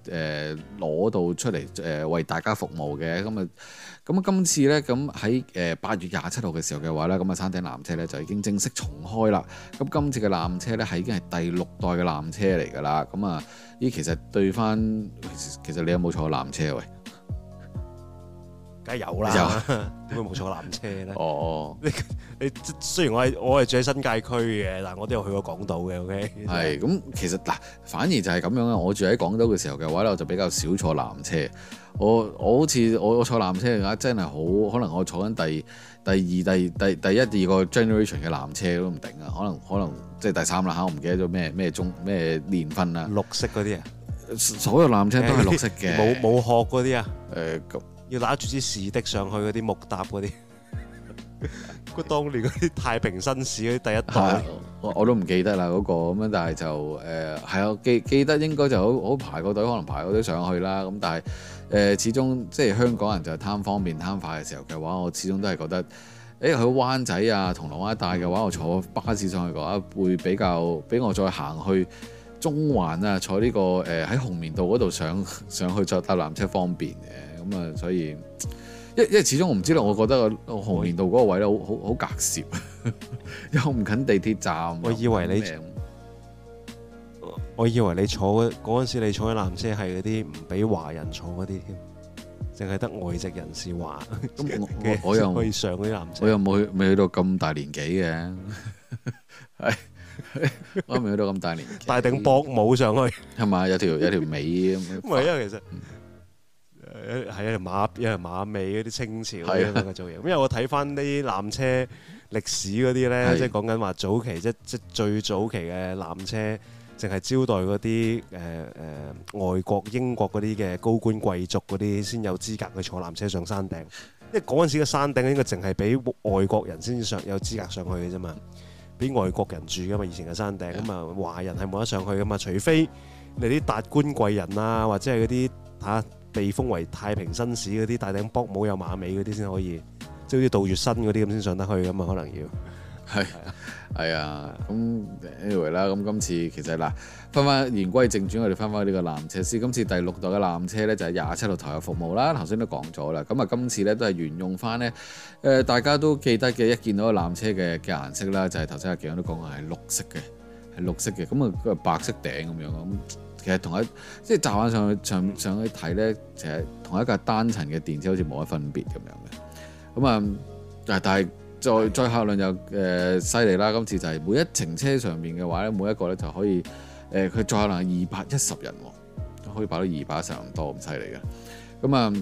攞、呃、到出嚟誒、呃、為大家服務嘅。咁啊咁啊，今次呢，咁喺誒八月廿七號嘅時候嘅話呢，咁、嗯、啊山頂纜車呢，就已經正式重開啦。咁、嗯、今次嘅纜車呢，係已經係第六代嘅纜車嚟㗎啦。咁、嗯、啊，依其實對翻其實你有冇坐纜車喎？梗係有啦，點會冇坐纜車咧？哦、oh.，你你雖然我係我係住喺新界區嘅，但係我都有去過港島嘅。OK，係咁，其實嗱，反而就係咁樣嘅。我住喺廣州嘅時候嘅話咧，我就比較少坐纜車。我我好似我我坐纜車嘅話，真係好可能我坐緊第第二第第一第一二個 generation 嘅纜車都唔定啊。可能可能即係第三啦嚇，我唔記得咗咩咩中咩年份啦、啊。綠色嗰啲啊，所有纜車都係綠色嘅。冇冇殼嗰啲啊？誒要攞住支士的上去嗰啲木搭嗰啲，個當年嗰啲太平紳士嗰啲第一代， [LAUGHS] 我都唔記得啦嗰、那個咁樣，但係就誒係啊，記、呃、記得應該就好好排個隊，可能排個隊上去啦。咁但係誒、呃、始終即係香港人就貪方便貪快嘅時候嘅話，我始終都係覺得誒、欸、去灣仔啊、銅鑼灣一帶嘅話，我坐巴士上去嘅話，會比較比我再行去中環啊，坐呢、這個誒喺紅棉道嗰度上上去再搭纜車方便嘅。咁啊、嗯，所以，因因為始終我唔知道，我覺得紅棉道嗰個位咧、嗯，好好好隔涉， [LAUGHS] 又唔近地鐵站。我以為你，名我以為你坐嗰嗰陣時，你坐嘅纜車係嗰啲唔俾華人坐嗰啲添，淨係得外籍人士玩。咁、嗯、我又可以上嗰啲纜車，我又冇未去到咁大年紀嘅。係 [LAUGHS] 唉， [LAUGHS] 我未去到咁大年紀，帶頂薄帽上去係嘛，有條有條尾咁。唔係， [LAUGHS] [LAUGHS] 因為其實。嗯係啊，馬因為馬尾嗰啲清朝嘅造型。的因為我睇翻呢纜車歷史嗰啲咧，即係講緊話早期即即最早期嘅纜車，淨係招待嗰啲誒誒外國英國嗰啲嘅高官貴族嗰啲先有資格去坐纜車上山頂。因為嗰陣時嘅山頂應該淨係俾外國人先上有資格上去嘅啫嘛，俾外國人住噶嘛。以前嘅山頂咁啊，華人係冇得上去噶嘛，除非你啲達官貴人啊，或者係嗰啲啊。被封為太平紳士嗰啲大頂駁帽有，有馬尾嗰啲先可以，即係好似杜月笙嗰啲咁先上得去咁啊！可能要係 [LAUGHS] 啊，咁、啊、，Anyway 啦。咁今次其實嗱，返返言歸正傳，我哋返返呢個纜車先。今次第六代嘅纜車咧就係廿七號台有服務啦。頭先都講咗啦，咁啊今次咧都係沿用翻呢。誒、呃、大家都記得嘅，一見到纜車嘅嘅顏色啦，就係、是、頭先阿健都講係綠色嘅，係綠色嘅，咁啊白色頂咁樣咁。其實同一即係驟眼上去上上去睇咧，其實同一架單層嘅電車好似冇乜分別咁樣嘅。咁啊，但係載載客量又誒犀利啦！今次就係每一程車上面嘅話咧，每一個咧就可以誒佢、呃、載客量二百一十人，可以擺到二百一十人多咁犀利嘅。咁啊，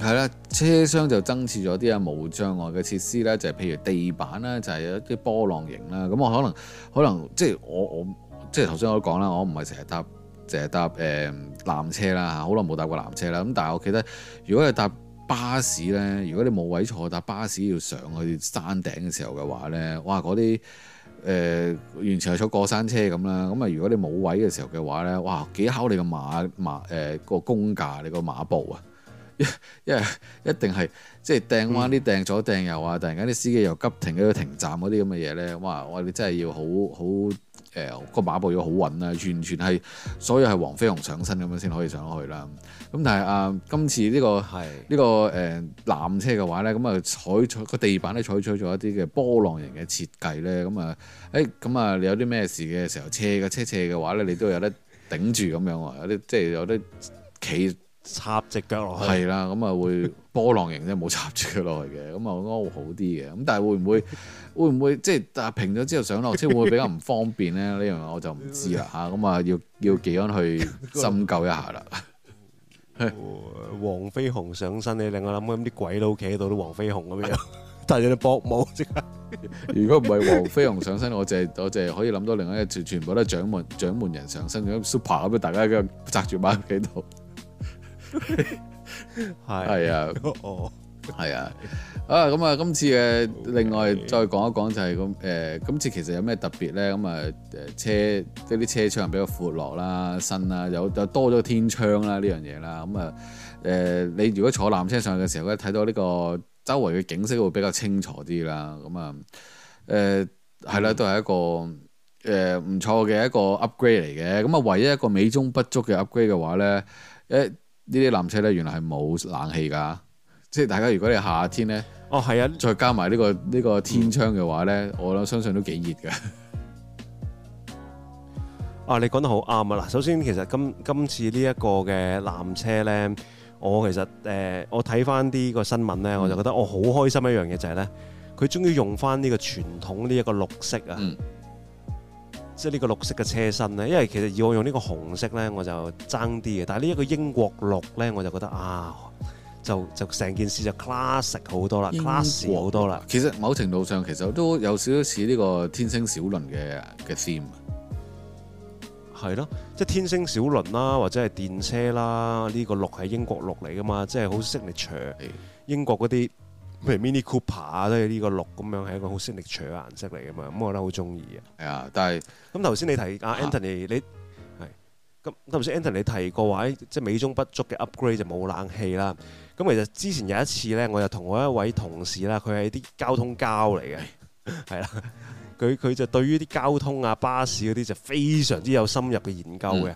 係啦，車廂就增設咗啲啊無障礙嘅設施咧，就係、是、譬如地板啦，就係、是、一啲波浪形啦。咁我可能可能即係我我即係頭先我都講啦，我唔係成日搭。就係搭誒、呃、纜車啦嚇，好耐冇搭過纜車啦。咁但係我記得，如果你搭巴士咧，如果你冇位坐，搭巴士要上去山頂嘅時候嘅話咧，哇！嗰啲誒完全係坐過山車咁啦。咁啊，如果你冇位嘅時候嘅話咧，哇！幾考你個馬馬誒個功架，你個馬步啊，一、 [LAUGHS] yeah, 一定係即係掟彎啲掟左掟右啊，突然間啲司機又急停喺度停站嗰啲咁嘅嘢咧，哇！我你真係要好好～誒個馬步要好穩啦，完全係所以係黃飛鴻上身咁樣先可以上去啦。咁但係啊，今次呢、呢個呢是、呢個誒纜、呃、車嘅話咧，咁啊採，採，採取個地板咧採取咗一啲嘅波浪形嘅設計咧，咁啊誒咁啊你有啲咩事嘅時候，車嘅車斜嘅話咧，你都有得頂住咁樣喎，有啲即係有啲企。插隻腳落去係啦，咁啊會波浪形，啫，冇插住腳落去嘅，咁啊安好啲嘅。咁但係會唔會會唔會即係但係平咗之後上落車會，會比較唔方便咧？呢樣 [LAUGHS] 我就唔知啦嚇。咁 [LAUGHS] 啊要要幾樣去深究一下啦。 [LAUGHS] 黃飛鴻上身你令我諗到啲鬼佬企喺度都黃飛鴻咁樣， [LAUGHS] [LAUGHS] 但係你薄帽。如果唔係黃飛鴻上身，我淨係我淨係可以諗到另一啲全部都掌門掌門人上身咁 super 咁大家嘅扎住馬企喺度。係 [LAUGHS] 啊，哦，係啊，啊咁 [LAUGHS] 啊，今次嘅 Okay. 另外再講一講就係、是、咁，誒、呃，今次其實有咩特別呢？咁啊，誒，車即係啲車窗比較闊落啦、新啦，有多咗天窗啦呢樣嘢啦。咁啊，誒、呃，你如果坐纜車上去嘅時候咧，睇到呢個周圍嘅景色會比較清楚啲啦。咁啊，誒、呃，係啦、嗯啊，都係一個誒唔、呃、錯嘅一個 upgrade 嚟嘅。咁啊，唯一一個美中不足嘅 upgrade 嘅話呢。誒、啊。啊呢啲纜車咧，原來係冇冷氣㗎，即係大家如果你夏天咧，哦係啊，再加埋呢、呢個呢、呢個天窗嘅話咧，嗯、我諗相信都幾熱㗎。啊，你講得好啱啊！嗱，首先其實今今次呢一個嘅纜車咧，我其實誒、呃、我睇翻啲個新聞咧，嗯、我就覺得我好開心一樣嘢就係、係、咧，佢終於用翻呢個傳統呢一個綠色啊。嗯即係呢個綠色嘅車身咧，因為其實而我用呢個紅色咧，我就爭啲嘅。但係呢一個英國綠咧，我就覺得啊，就就成件事就 classy 好多啦，英國，classy 好多啦。其實某程度上其實都有少少似呢個天星小輪嘅嘅 theme。係咯，即係天星小輪啦，或者係電車啦，呢個綠係英國綠嚟㗎嘛，即係好 especially 英國嗰啲。譬如 Mini Cooper 啊，都係呢個綠咁樣，係一個好 signature 嘅顏色嚟啊嘛，咁我覺得好中意啊。係你啊，但係咁頭先你提阿 Anthony 你係咁，頭先 Anthony 你提過話，即係美中不足嘅 upgrade 就冇冷氣啦。咁其實之前有一次咧，我就同我一位同事啦，佢係啲交通膠嚟嘅，係啦， [LAUGHS] 佢佢就對於啲交通啊、巴士嗰啲就非常之有深入嘅研究嘅。咁、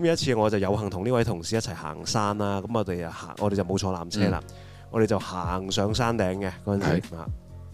嗯、有一次我就有幸同呢位同事一齊行山啦，咁我哋啊行，我哋就冇坐纜車啦。嗯我哋就行上山頂嘅嗰陣時咁啊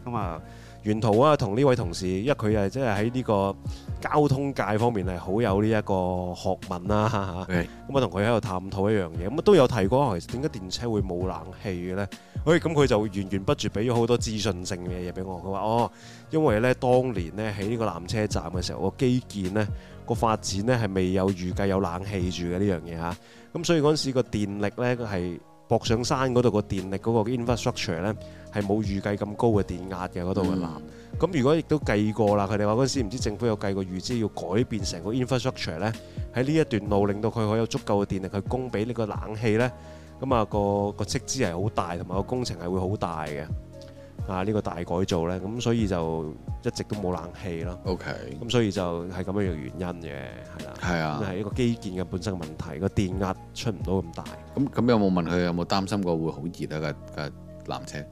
的、嗯呃、沿途啊同呢位同事，因為佢又係即係喺呢個交通界方面係好有呢一個學問啦、啊、嚇。咁啊同佢喺度探討一樣嘢，咁都有提過其實點解電車會冇冷氣嘅咧？誒咁佢就源源不絕俾咗好多資訊性嘅嘢俾我。佢話哦，因為咧當年咧喺呢個纜車站嘅時候個基建咧個發展咧係未有預計有冷氣住嘅呢樣嘢嚇、啊。咁、嗯、所以嗰陣時個電力咧佢駁上山嗰度個電力嗰個 infrastructure 咧，係冇預計咁高嘅電壓嘅嗰度嘅電。咁如果亦都計過啦，佢哋話嗰陣時唔知政府有計過預知要改變成個 infrastructure 咧，喺呢一段路令到佢可以有足夠嘅電力去供俾呢個冷氣呢。咁、那、啊個、那個斥資係好大，同埋個工程係會好大嘅。啊！呢個大改造咧，咁所以就一直都冇冷氣咯。OK，咁所以就係咁樣樣原因嘅，係啦，係啊，係一個基建嘅本身問題，個電壓出唔到咁大。咁咁有冇問佢有冇擔心過會好熱啊？個個纜車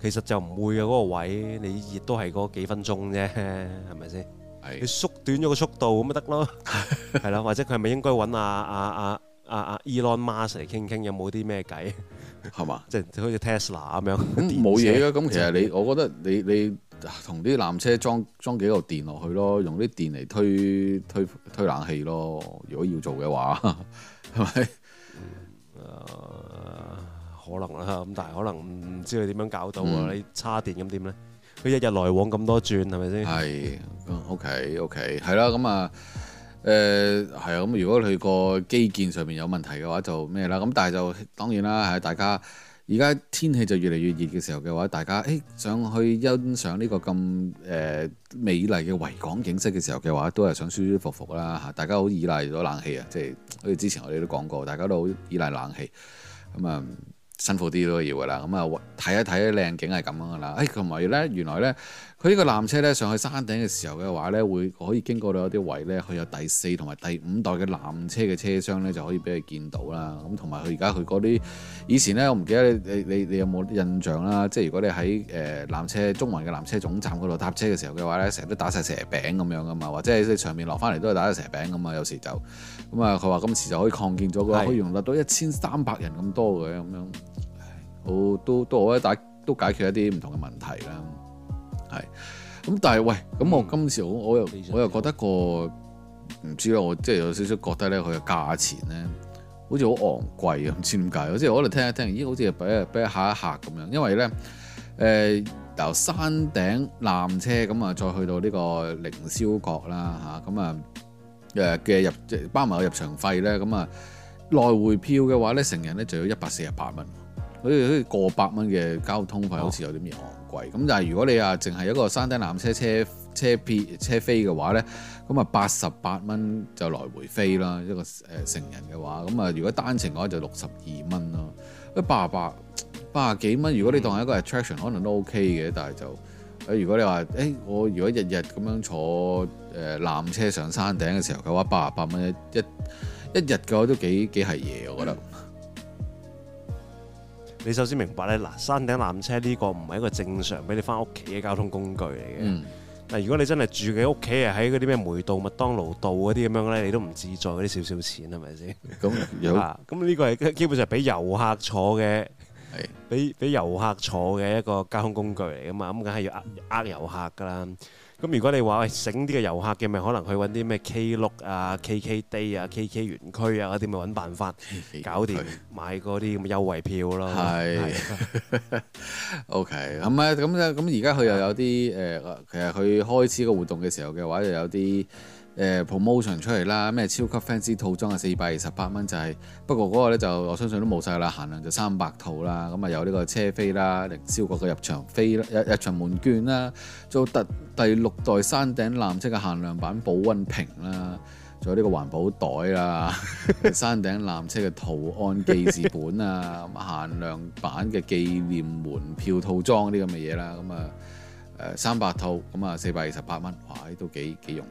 其實就唔會呀，嗰個位，你熱都係嗰幾分鐘啫，係咪先？係你縮短咗個速度咁咪得咯，係啦。或者佢係咪應該揾阿阿阿阿 Elon Musk 嚟傾傾，有冇啲咩計？係嘛，即係好似 Tesla 咁樣，冇嘢呀。咁其實你，Okay. 我覺得你你同啲纜車裝裝幾嚿電落去咯，用啲電嚟推推推冷氣咯。如果要做嘅話，係 [LAUGHS] 咪、嗯呃？可能啦。咁但係可能唔知你點樣搞到啊？嗯、你叉電咁點咧？佢一日來往咁多轉，係咪先？係。OK OK。係啦，咁啊。誒係啊，咁、呃、如果佢個基建上面有問題嘅話，就咩啦？咁但係就當然啦，係大家而家天氣就越嚟越熱嘅時候嘅話，大家誒、欸、想去欣賞呢個咁誒、呃、美麗嘅維港景色嘅時候嘅話，都係想舒舒服服啦吓。大家好依賴咗冷氣啊，即係好似之前我哋都講過，大家都好依賴冷氣，咁、嗯、啊辛苦啲都要噶啦，咁啊睇一睇靚景係咁樣噶啦，誒同埋咧原來咧。佢呢個纜車咧上去山頂嘅時候嘅話咧，會可以經過到一啲位咧，佢有第四同埋第五代嘅纜車嘅車廂咧，就可以俾佢見到啦。咁同埋佢而家佢嗰啲以前咧，我唔記得你你你你有冇印象啦？即係如果你喺誒纜車中環嘅纜車總站嗰度搭車嘅時候嘅話咧，成日都打晒蛇餅咁樣噶嘛，或者你上面落翻嚟都係打曬蛇餅噶嘛，有時就咁啊。佢、嗯、話今次就可以擴建咗嘅，是可以用得到一千三百人咁多嘅咁樣，好都都好一打都解決一啲唔同嘅問題啦。係，咁但係喂，咁我今次我又、嗯、我又覺得個唔知咧，我即係有少少覺得咧，佢嘅價錢咧好似好昂貴啊，唔知點解咯。即係我嚟聽一聽，咦，好似俾俾下一客咁樣。因為咧，誒、呃、由山頂纜車咁啊，再去到呢個凌霄閣啦嚇，咁啊誒嘅、啊啊啊啊啊、入即包埋個入場費咧，咁啊，啊，啊來回票嘅話咧，成人咧就要一百四十八蚊，好似好似過百蚊嘅交通費好樣，好似有啲嘢，咁就係如果你啊淨係一個山頂纜車車車片車飛嘅話咧，咁啊八十八蚊就來回飛啦，一個誒成人嘅話，咁啊如果單程嘅話就六十二蚊咯，八十八八十幾蚊。如果你當係一個 attraction，嗯、可能都 OK 嘅，但係就誒如果你話誒、欸、我如果日日咁樣坐誒纜車上山頂嘅時候嘅話，八十八蚊一一日嘅話都幾幾係嘢，我覺得。嗯你首先明白咧，嗱，山頂纜車呢個唔係一個正常俾你返屋企嘅交通工具嚟嘅。但、嗯、如果你真係住嘅屋企係喺嗰啲咩梅道麥當勞道嗰啲咁樣咧，你都唔自在嗰啲少少錢係咪先？咁咁呢個係基本上係俾遊客坐嘅，係俾俾遊客坐嘅一個交通工具嚟㗎嘛？咁梗係要呃遊客㗎啦。咁如果你話，喂，醒啲嘅遊客嘅，咪可能去揾啲咩 K 碌啊、KK Day 啊、KK 園區啊嗰啲，咪揾辦法搞掂買嗰啲咁嘅優惠票咯。係，OK，咁啊，咁啊，咁而家佢又有啲誒，其實佢開始個活動嘅時候嘅話，又有啲。誒、呃、promotion 出嚟啦，咩超級 fans 套裝啊，四百二十八蚊就係、是、不過個個咧就我相信都冇晒啦，限量就三百套啦。咁啊有呢個車飛啦，凌霄閣嘅入場飛啦，入場門券啦，做特第六代山頂纜車嘅限量版保溫瓶啦，仲有呢個環保袋啦， [LAUGHS] 山頂纜車嘅圖案記事本啊，咁啊 [LAUGHS] 限量版嘅紀念門票套裝啲咁嘅嘢啦，咁啊誒三百套，咁啊四百二十八蚊，哇！都幾幾用。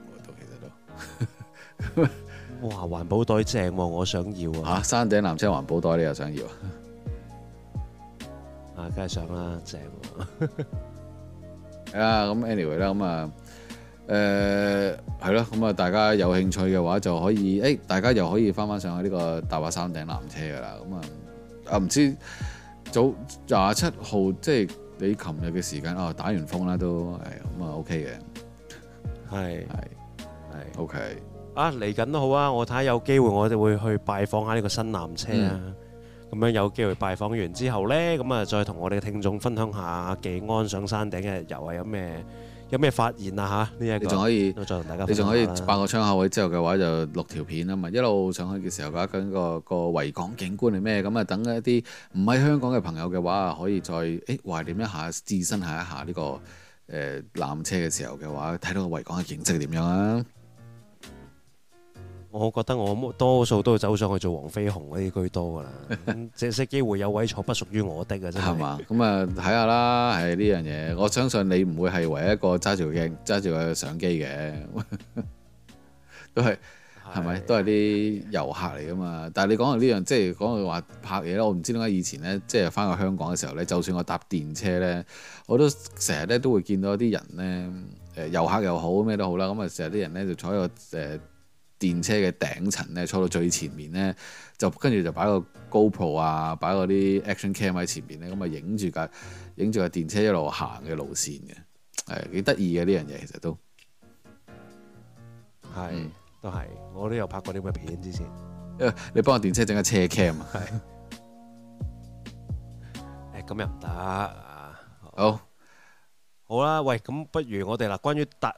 [LAUGHS] 哇！環保袋正、哦，我想要啊！啊山頂纜車環保袋，你又想要 [LAUGHS] 啊？梗係想啦，正啊、哦！咁 [LAUGHS] Yeah , anyway 啦，咁啊，誒，係咯，咁啊，大家有興趣嘅話就可以，誒、欸，大家又可以返返上去呢個大華山頂纜車噶啦。咁啊，啊唔知早廿七號，即係、就是、你琴日嘅時間啊，打完風啦都，誒、欸，咁啊 OK 嘅，係係 [LAUGHS] 是。o Okay . k 啊，嚟緊都好啊！我睇下有機會，我哋會去拜訪下呢個新纜車啊。咁、嗯、樣有機會拜訪完之後呢，咁啊再同我哋嘅聽眾分享下，技安上山頂嘅遊係有咩有咩發現啊？吓、這個，呢你仲可以再同大家你仲可以霸個窗口位之後嘅話就錄條片啊嘛。一路上去嘅時候嘅話，跟一個一個維港景觀係咩？咁啊等一啲唔喺香港嘅朋友嘅話，可以再誒懷、欸、念一下，置身下一下呢、這個誒纜、呃、車嘅時候嘅話，睇到維港嘅景色點樣啊！我覺得我多數都會走上去做黃飛鴻嗰啲居多噶啦，正式機會有位坐不屬於我的啊，真係。係嘛？ [LAUGHS] 咁啊，睇下啦，係呢樣嘢。我相信你唔會係唯一一個揸住鏡、揸住個相機嘅 [LAUGHS] 是 [LAUGHS] 是，都係係咪？都係啲遊客嚟噶嘛。的但係你講到呢樣，即係講到話拍嘢咧，我唔知點解以前咧，即係翻去香港嘅時候咧，就算我搭電車咧，我都成日咧都會見到啲人咧，誒、呃、遊客又好咩都好啦，咁啊成日啲人咧就坐喺個誒，呃呃電車嘅頂層咧，坐到最前面咧，就跟住就擺個 GoPro 啊，擺嗰啲 action cam 喺前面咧，咁啊影住架影住架電車一路行嘅路線嘅，係幾得意嘅呢樣嘢，其實是、嗯、都係都係，我都有拍過啲咁嘅片之前。你幫我電車整架車 cam 啊是？係、 [LAUGHS] 欸。誒，咁又唔得啊？好，好啦，喂，咁不如我哋嗱，關於搭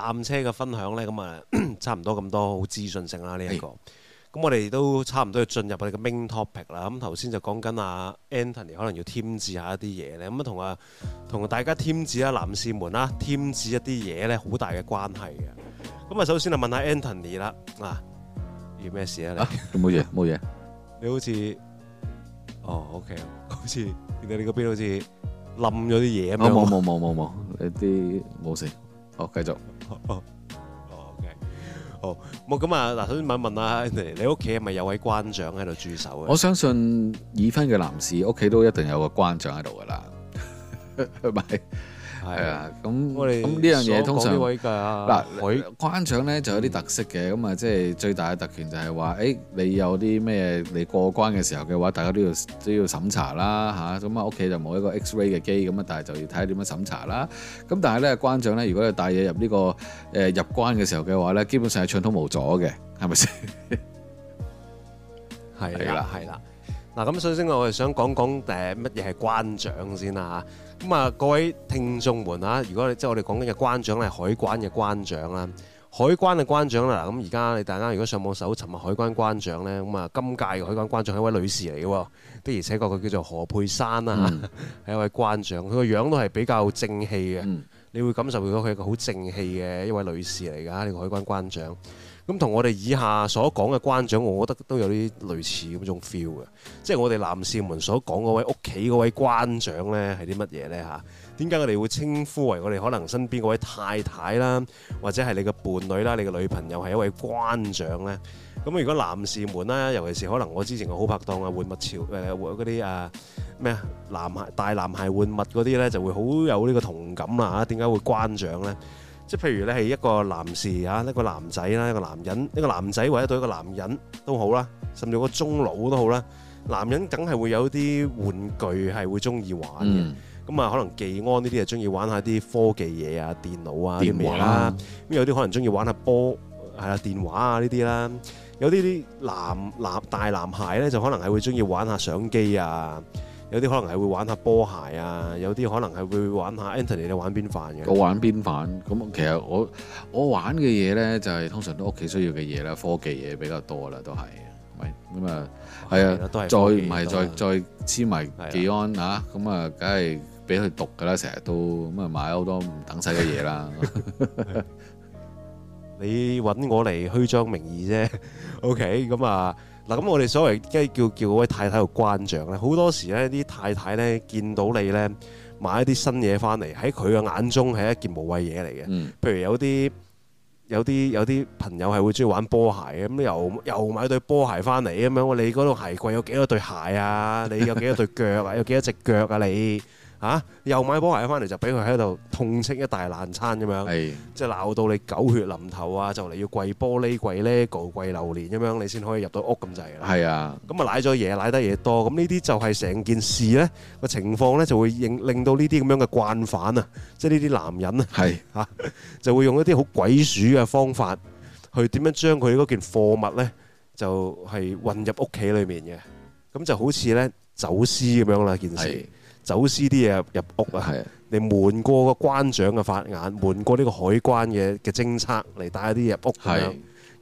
纜車嘅分享咧，咁啊差唔多咁多好資訊性啦呢一個。咁是我哋都差唔多要進入我哋嘅 main topic 啦。咁頭先就講緊啊 Anthony 可能要添置下一啲嘢咧。咁啊同啊同大家添置啊男士們啦，添置一啲嘢咧，好大嘅關係嘅。咁啊首先就問下 Anthony 啦，啊要咩事啊？你？冇嘢冇嘢。你好似哦 OK，好似你哋你嗰邊好似冧咗啲嘢。冇冇冇冇冇，你啲冇事。好，繼續。哦，OK，哦，冇咁啊，嗱，首先問一問啊，你你屋企係咪有位關長喺度駐守啊？我相信已婚嘅男士屋企都一定有個關長喺度噶啦，係咪？係啊，咁我哋咁呢樣嘢通常嗱，關長咧就有啲特色嘅。咁啊即係最大嘅特權就係話，誒你有啲咩你過關嘅時候嘅話，大家都要都要審查啦嚇。咁啊屋企就冇一個 X-ray 嘅機，咁啊但係就要睇下點樣審查啦。咁但係咧關長咧，如果你帶嘢入呢個誒入關嘅時候嘅話咧，基本上係暢通無阻嘅，係咪先？係啦，係啦。嗱咁所以先我哋想講講誒乜嘢係關長先啦嚇。咁啊，各位聽眾們啊，如果你即係我哋講緊嘅關長係海關嘅關長啦，海關嘅關長啦，咁而家你大家如果上網搜尋下海關關長呢，咁啊今屆嘅海關關長係一位女士嚟嘅，的而且確佢叫做何佩珊啊，係 [LAUGHS] 一位關長，佢個樣都係比較正氣嘅， [LAUGHS] 你會感受到佢係一個好正氣嘅一位女士嚟㗎，呢、這個海關關長。咁同我哋以下所講嘅關長，我覺得都有啲類似咁種 feel 嘅，即係我哋男士們所講嗰位屋企嗰位關長呢係啲乜嘢呢？嚇、啊？點解我哋會稱呼為我哋可能身邊嗰位太太啦，或者係你嘅伴侶啦、你嘅女朋友係一位關長呢？咁如果男士們啦，尤其是可能我之前好拍檔啊、換物潮誒、換嗰啲啊咩啊男孩、大男孩換物嗰啲呢，就會好有呢個同感啦嚇。點、啊、解會關長呢？即係譬如你係一個男士啊，一個男仔啦，一個男人，一個男仔或者對一個男人都好啦，甚至個中老都好啦。男人梗係會有啲玩具係會中意玩嘅，咁啊、嗯、可能技安呢啲係中意玩下啲科技嘢啊、電腦啊電話啦。咁、啊啊、有啲可能中意玩下波係啊、電話啊呢啲啦。有啲啲男男大男孩咧就可能係會中意玩下相機啊。有啲可能係會玩下波鞋啊，有啲可能係會玩下 Anthony，你 [MUSIC] 玩邊範嘅？我玩邊範？咁其實我 [MUSIC] 我玩嘅嘢咧，就係通常都屋企需要嘅嘢啦，科技嘢比較多啦，都係咪？咁、哦、啊，係啊，再唔係再再黐埋幾安啊？咁啊，梗係俾佢讀㗎啦，成日都咁啊，買好多唔等使嘅嘢啦。 [MUSIC] [LAUGHS] 你揾我嚟虛張名義啫 [LAUGHS] ，OK？咁、嗯、啊。嗱，咁我哋所謂即係叫叫嗰位太太喺度關長咧，好多時咧，啲太太咧見到你咧買一啲新嘢翻嚟，喺佢嘅眼中係一件無謂嘢嚟嘅。嗯、譬如有啲有啲有啲朋友係會中意玩波鞋咁，又又買對波鞋翻嚟咁樣，喂，你嗰度鞋櫃有幾多對鞋啊？你有幾多對腳啊？ [LAUGHS] 有幾多隻腳啊？你啊？ [LAUGHS] 啊！又買波鞋翻嚟就俾佢喺度痛斥一大爛餐咁樣，即係鬧到你狗血淋頭啊！就嚟要跪玻璃跪 LEGO 跪榴蓮咁樣，你先可以入到屋咁滯嘅。係啊，咁啊攋咗嘢攋得嘢多，咁呢啲就係成件事咧個情況咧，就會令令到呢啲咁樣嘅慣犯啊，即係呢啲男人啊，係啊，就會用一啲好鬼鼠嘅方法去點樣將佢嗰件貨物咧，就係運入屋企裏面嘅，咁就好似咧走私咁樣啦件事。走私啲嘢入屋啊，的你瞞過個關長嘅法眼，瞞過呢個海關嘅嘅偵測嚟帶啲嘢入屋咁的樣。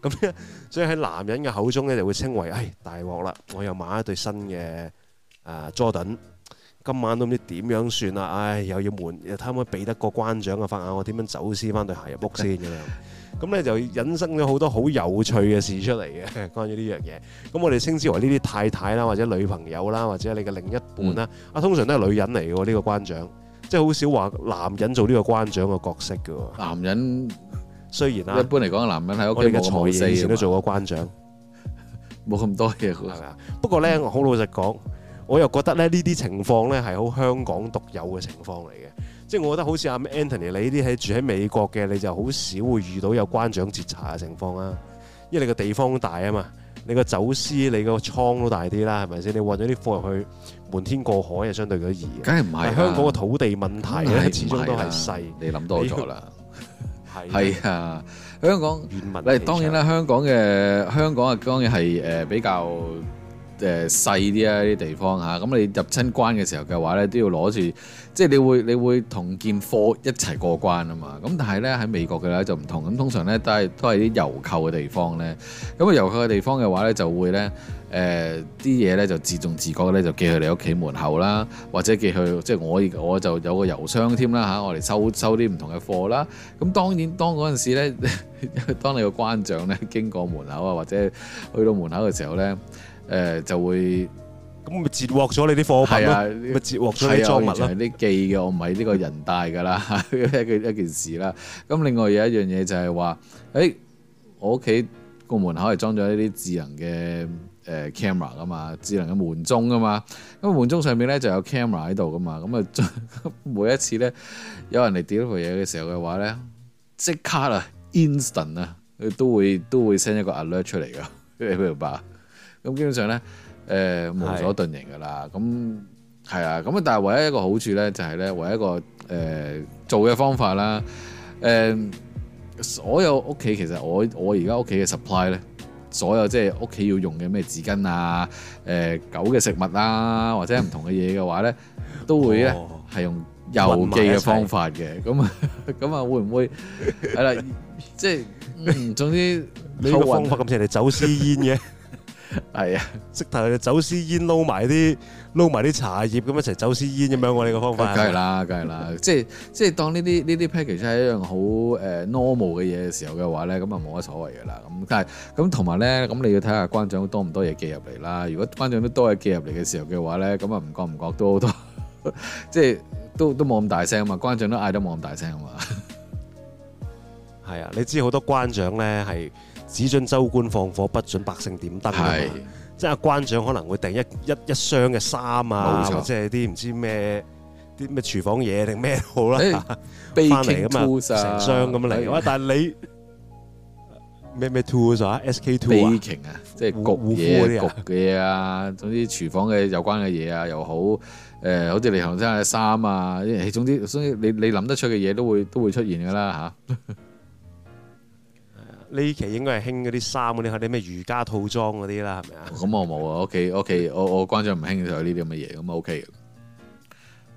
咁所以喺男人嘅口中咧，就會稱為唉，大鑊啦！我又買咗對新嘅誒、呃、Jordan，今晚都唔知點樣算啊！唉，又要瞞，又睇可唔可以避得過關長嘅法眼？我點樣走私返對鞋入屋先㗎？ [LAUGHS] 咁咧就引生咗好多好有趣嘅事出嚟嘅，關於呢樣嘢。咁我哋稱之為呢啲太太啦，或者女朋友啦，或者你嘅另一半啦。嗯、啊，通常都係女人嚟嘅呢個關長，即係好少話男人做呢個關長嘅角色嘅。男人雖然啦、啊，一般嚟講男人喺我哋嘅財爺都做過關長，冇咁 [LAUGHS] 多嘢。係咪啊？不過咧，我好老實講，我又覺得咧呢啲情況咧係好香港獨有嘅情況嚟。即係我覺得好似阿 Anthony 你呢啲喺住喺美國嘅，你就好少會遇到有關長截查嘅情況啦。因為你個地方大啊嘛，你個走私你個倉都大啲啦，係咪先？你運咗啲貨入去，瞞天過海係相對咗易嘅。梗係唔係？香港嘅土地問題、啊、始終都係細、啊。你諗多咗啦。係要 [LAUGHS] 啊，香港，嗱當然啦，香港嘅香港啊，當然係誒比較誒、呃、細啲啊啲地方嚇。咁、啊、你入親關嘅時候嘅話咧，都要攞住。即係你會你會同件貨一齊過關啊嘛，咁但係呢，喺美國嘅呢就唔同，咁通常呢都係都係啲郵購嘅地方呢。咁啊郵購嘅地方嘅話呢，就會、呃、呢誒啲嘢呢就自動自覺呢，就寄去你屋企門口啦，或者寄去即係我我就有個郵箱添啦嚇，我哋收收啲唔同嘅貨啦，咁、嗯、當然當嗰陣時呢，當,呢 [LAUGHS] 當你個關長呢經過門口啊，或者去到門口嘅時候呢，誒、呃、就會。咁咪截獲咗你啲貨品咯，咪截、啊、獲咗啲貨物啲、啊、記嘅我唔係呢個人大噶啦，一 [LAUGHS] 個一件事啦。咁另外有一樣嘢就係話，誒、欸、我屋企個門口係裝咗一啲智能嘅誒 camera 噶嘛，智能嘅門鐘噶嘛。咁門鐘上面咧就有 camera 喺度噶嘛。咁啊， [LAUGHS] 每一次咧有人嚟屌咗部嘢嘅時候嘅話咧，即刻啊 instant 啊，佢、啊、都會都會 send 一個 alert 出嚟噶，你明白？咁 [LAUGHS] 基本上咧。誒、呃、無所遁形㗎啦，咁係啊，咁啊、嗯，但係唯一一個好處咧，就係咧，唯一一個誒、呃、做嘅方法啦，誒、呃、所有屋企其實我我而家屋企嘅 supply 咧，所有即係屋企要用嘅咩紙巾啊，誒、呃、狗嘅食物啊，或者唔同嘅嘢嘅話咧，都會咧係用郵寄嘅方法嘅，咁啊咁啊會唔會係啦？ [LAUGHS] 即係總之 [LAUGHS] 你個方法咁似你走私煙嘅。 [LAUGHS] 係啊，即係 [LAUGHS] 走私煙撈埋啲，撈埋啲茶葉咁一齊走私煙咁樣我哋個方法。梗係啦，梗係啦。即係即係當呢啲呢啲 package 係一樣好誒 normal 嘅嘢嘅時候嘅話咧，咁啊冇乜所謂噶啦。咁但係咁同埋咧，咁你要睇下關長多唔多嘢寄入嚟啦。如果關長都多嘢寄入嚟嘅時候嘅話咧，咁啊唔覺唔覺都好多， [LAUGHS] 即係都都冇咁大聲啊嘛。關長都嗌得冇咁大聲啊嘛。係 [LAUGHS] 啊，你知好多關長咧係。只准州官放火，不准百姓點燈。係，即係官長可能會訂一一一箱嘅衫啊，或者係啲唔知咩啲咩廚房嘢定咩好啦，翻嚟㗎嘛，成箱咁嚟。哇！但係你咩咩 tool 啊？S K two 啊，即係焗嘢焗嘢啊，總之廚房嘅有關嘅嘢啊，又好誒，好似你行山嘅衫啊，啲總之，所以你你諗得出嘅嘢都會都會出現㗎啦嚇。呢期應該係興嗰啲衫嗰啲，嚇啲咩瑜伽套裝嗰啲啦，係咪啊？咁我冇啊，OK OK，我我關長唔興就係呢啲咁嘅嘢，咁啊 OK 嘅。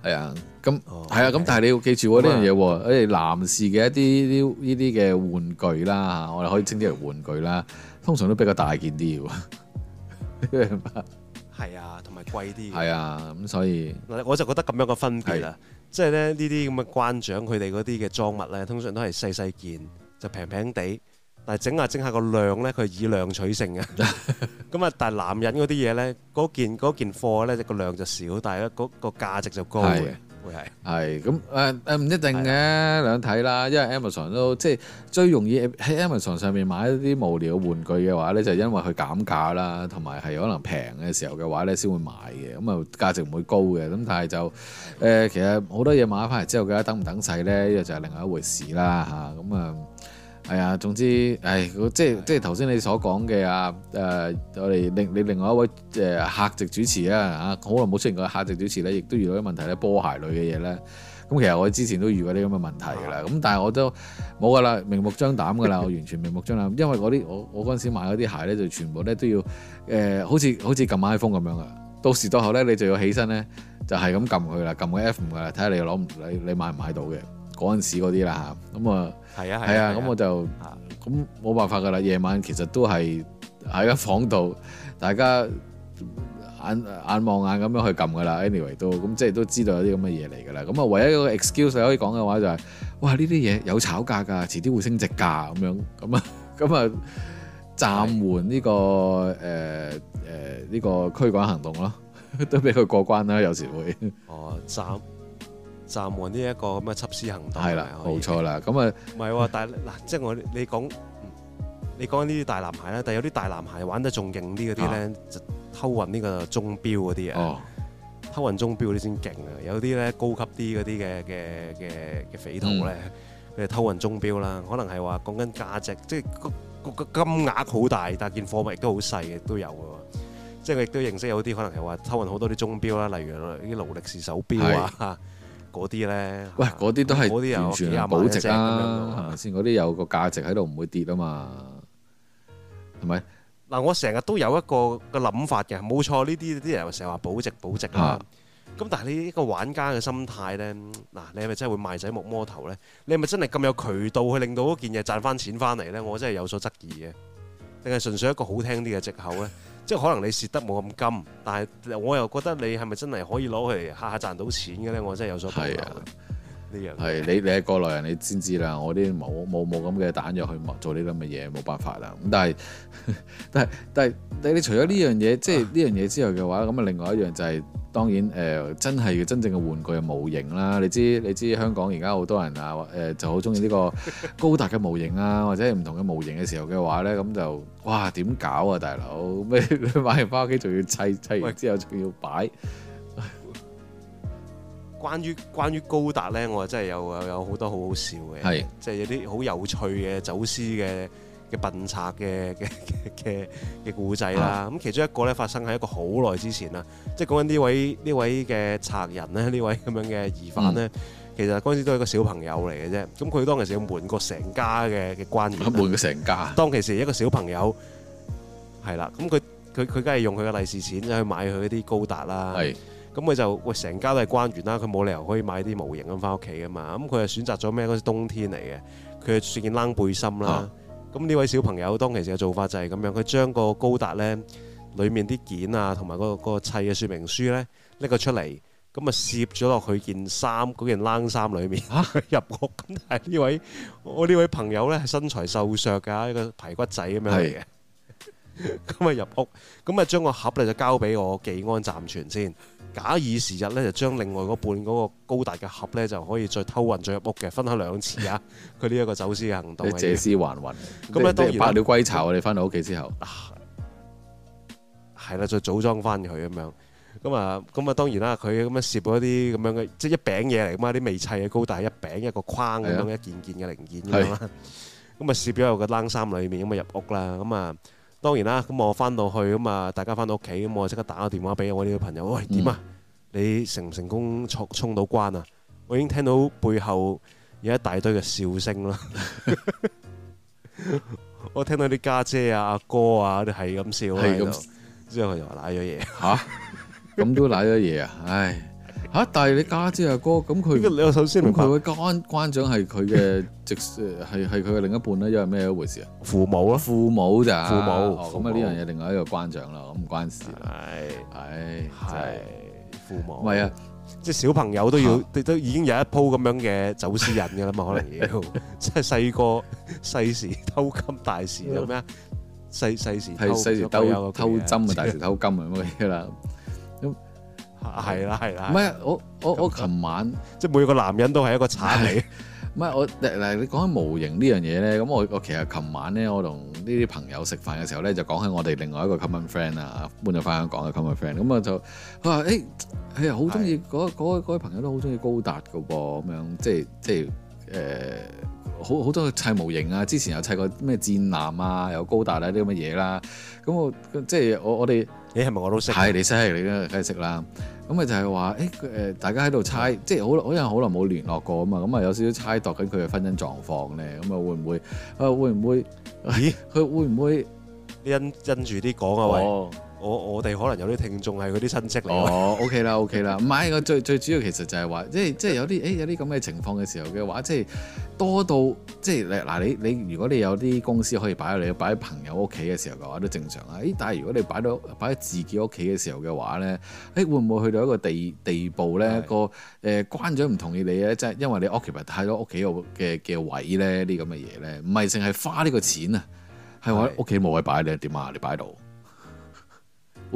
係啊，咁係啊，咁但係你要記住呢樣嘢喎，誒男士嘅一啲呢啲嘅玩具啦，我哋可以稱之為玩具啦，通常都比較大件啲喎。係啊，同埋貴啲。係啊，咁所以，我就覺得咁樣嘅分別啦，即係咧呢啲咁嘅關長佢哋嗰啲嘅裝物咧，通常都係細細件，就平平地。但係整下整下個量咧，佢以量取勝嘅。咁啊，但係男人嗰啲嘢咧，嗰件嗰件貨咧，個量就少，但係嗰個價值就高嘅，會係。係咁誒誒，唔一定嘅兩睇啦。因為 Amazon 都即係最容易喺 Amazon 上面買一啲無聊嘅玩具嘅話咧，就因為佢減價啦，同埋係可能平嘅時候嘅話咧，先會買嘅。咁啊，價值唔會高嘅。咁但係就誒，其實好多嘢買翻嚟之後嘅話，等唔等使咧，呢個就係另外一回事啦嚇。咁啊～係啊、哎，總之，係、哎，即係即係頭先你所講嘅啊，誒、呃，我哋另你另外一位誒、呃、客席主持啦，啊，好耐冇出現過客席主持咧，亦都遇到啲問題咧，波鞋類嘅嘢咧，咁其實我之前都遇過啲咁嘅問題噶啦，咁但係我都冇噶啦，明目張膽噶啦，我完全明目張膽，因為啲我我嗰陣時買嗰啲鞋咧，就全部咧都要誒、呃，好似好似撳 iPhone 咁樣噶，到時到後咧你就要起身咧，就係咁撳佢啦，撳個 F 五噶啦，睇下你攞唔你你買唔買到嘅，嗰陣時嗰啲啦嚇，咁啊。嗯。係啊，係啊，咁我就咁冇、啊、辦法㗎啦。夜晚其實都係喺間房度，大家眼眼望眼咁樣去撳㗎啦。Anyway 都咁即係都知道有啲咁嘅嘢嚟㗎啦。咁啊唯一一個 excuse 可以講嘅話就係、是：哇呢啲嘢有炒價㗎，遲啲會升值㗎咁樣。咁啊咁啊暫緩呢、這個誒誒呢個驅趕行動咯，都俾佢過關啦。有時會哦暫。暫緩呢一個咁嘅緝私行動係啦，冇的以錯啦。咁啊、嗯，唔係、嗯、但嗱，即係我你講，你講呢啲大男孩啦，但係有啲大男孩玩得仲勁啲嗰啲咧，啊、就偷運呢個鐘錶嗰啲啊。偷運鐘錶嗰啲先勁啊！有啲咧高級啲嗰啲嘅嘅嘅嘅匪徒咧，佢哋偷運鐘錶啦，嗯、可能係話講緊價值，即係個金額好大，但件貨物亦都好細嘅都有喎。即係佢亦都認識有啲可能係話偷運好多啲鐘錶啦，例如啊啲勞力士手錶啊。的 [LAUGHS] 嗰啲咧，呢喂，啲、啊、都係完全保值啦、啊，先、啊？啲有個價值喺度，唔會跌啊嘛，係咪、啊？嗱吧、啊，我成日都有一個個諗法嘅，冇錯，呢啲啲人成日話保值保值啦。咁、啊啊、但係你呢個玩家嘅心態咧，嗱、啊，你係咪真係會賣仔莫摸頭咧？你係咪真係咁有渠道去令到嗰件嘢賺翻錢翻嚟咧？我真係有所質疑嘅，定係純粹一個好聽啲嘅藉口咧？即係可能你蝕得冇咁金，但係我又覺得你係咪真係可以攞去下下賺到錢嘅咧？我真係有所保留。呢樣係你你係過來人，你先知啦。我啲冇冇冇咁嘅彈藥去做呢啲咁嘅嘢，冇辦法啦。咁但係但係但係但係，你除咗呢樣嘢即係呢樣嘢之外嘅話，咁啊另外一樣就係、是。當然誒、呃，真係真正嘅玩具啊，模型啦，你知你知香港而家好多人啊誒、呃，就好中意呢個高達嘅模型啦， [LAUGHS] 或者唔同嘅模型嘅時候嘅話咧，咁就哇，點搞啊，大佬，咩，你買完翻屋企仲要砌，砌完之後仲要擺。喂 [LAUGHS] 關於關於高達咧，我真係有有好多好好笑嘅，係即係有啲好有趣嘅走私嘅。嘅笨賊嘅嘅嘅嘅嘅故仔啦。咁的其中一個咧，發生喺一個好耐之前啦，即係講緊呢位呢位嘅賊人咧，呢位咁樣嘅疑犯咧，嗯、其實嗰陣時都係一個小朋友嚟嘅啫。咁佢當其時要瞞過成家嘅嘅關員，瞞過成家。當其時一個小朋友係啦，咁佢佢梗係用佢嘅利是錢去買佢啲高達啦。咁佢的就喂，成家都係關員啦，佢冇理由可以買啲模型咁翻屋企噶嘛。咁佢係選擇咗咩？嗰陣時冬天嚟嘅，佢著件冷背心啦。啊咁呢位小朋友當其時嘅做法就係咁樣，佢將個高達呢裏面啲件啊，同埋個個砌嘅說明書呢拎個出嚟，咁啊攝咗落去件衫嗰件冷衫裏面，入 [LAUGHS] 屋！咁但係呢位我呢位朋友呢，係身材瘦削㗎，一個排骨仔咁樣嚟嘅，咁啊入屋，咁啊將個盒呢就交俾我紀安暫存先。假以時日咧，就將另外嗰半嗰個高達嘅盒咧，就可以再偷運進入屋嘅，分開兩次啊！佢呢一個走私嘅行動，借屍還魂。咁咧、啊、是當然百鳥歸巢，我哋翻到屋企之後，係啦，再組裝翻佢咁樣。咁、嗯、啊，咁、嗯、啊，當然啦，佢咁樣攝咗啲咁樣嘅，即係一餅嘢嚟啊嘛，啲未砌嘅高達一餅，一個框咁樣，一件件嘅零件咁樣。咁啊，攝咗入個冷衫裏面，咁啊入屋啦，咁、嗯、啊。嗯嗯嗯。當然啦，咁我翻到去咁啊，大家翻到屋企，咁我即刻打個電話俾我呢個朋友，嗯、喂點啊？你成唔成功衝衝到關啊？我已經聽到背後有一大堆嘅笑聲啦， [LAUGHS] [LAUGHS] [LAUGHS] 我聽到啲家姐啊、阿哥啊，都係咁笑之 [LAUGHS] 後佢就話賴咗嘢嚇，咁都賴咗嘢啊！唉。嚇！但係你家姐阿哥咁佢，你我首先明白，咁佢嘅關關長係佢嘅直誒，係係佢嘅另一半咧，又係咩一回事啊？父母啊，父母就父母。咁啊，呢樣嘢另外一個關長啦，咁唔關事。係係係父母。唔係啊，即係小朋友都要，都已經有一鋪咁樣嘅走私人嘅啦嘛，可能要即係細個細時偷金大時，有咩啊？細細時係細時偷偷針啊，大時偷金啊，嗰啲啦。係啦係啦，唔係我我正我琴昨晚即係每個男人都係一個產嚟，唔係我嗱，你講緊模型呢樣嘢咧，咁我我其實琴晚咧，我同呢啲朋友食飯嘅時候咧，就講起我哋另外一個 common friend 啊，搬咗翻香港嘅 common friend，咁我就佢話誒，佢又好中意。嗰位朋友都好中意高達嘅噃，咁樣即係即係誒、呃，好好多砌模型啊，之前有砌過咩戰艦啊，有高達啊啲咁嘅嘢啦，咁我即係我我哋、欸，你係咪我都識？係你識，你梗係識啦。咁啊就係話，誒、欸、誒，大家喺度猜，是的 即係好好，有人好耐冇聯絡過啊嘛，咁、嗯、啊有少少猜度緊佢嘅婚姻狀況咧，咁、嗯、啊會唔會啊會唔會？會會咦，佢會唔會？因跟住啲講啊，哦、喂！我我哋可能有啲聽眾係嗰啲親戚嚟咯、oh, okay。哦，OK 啦，OK 啦。唔係，我最最主要其實就係、欸、話，即係即係有啲，誒有啲咁嘅情況嘅時候嘅話，即係多到即係嗱，你你如果你有啲公司可以擺喺你擺喺朋友屋企嘅時候嘅話，都正常啊、欸。但係如果你擺到擺喺自己屋企嘅時候嘅話咧，誒、欸、會唔會去到一個地地步咧？是的 個誒、呃、關長唔同意你咧，即係因為你屋企唔係太多屋企嘅嘅位咧，啲咁嘅嘢咧，唔係淨係花呢個錢啊，係我屋企冇位擺你點啊？你擺到。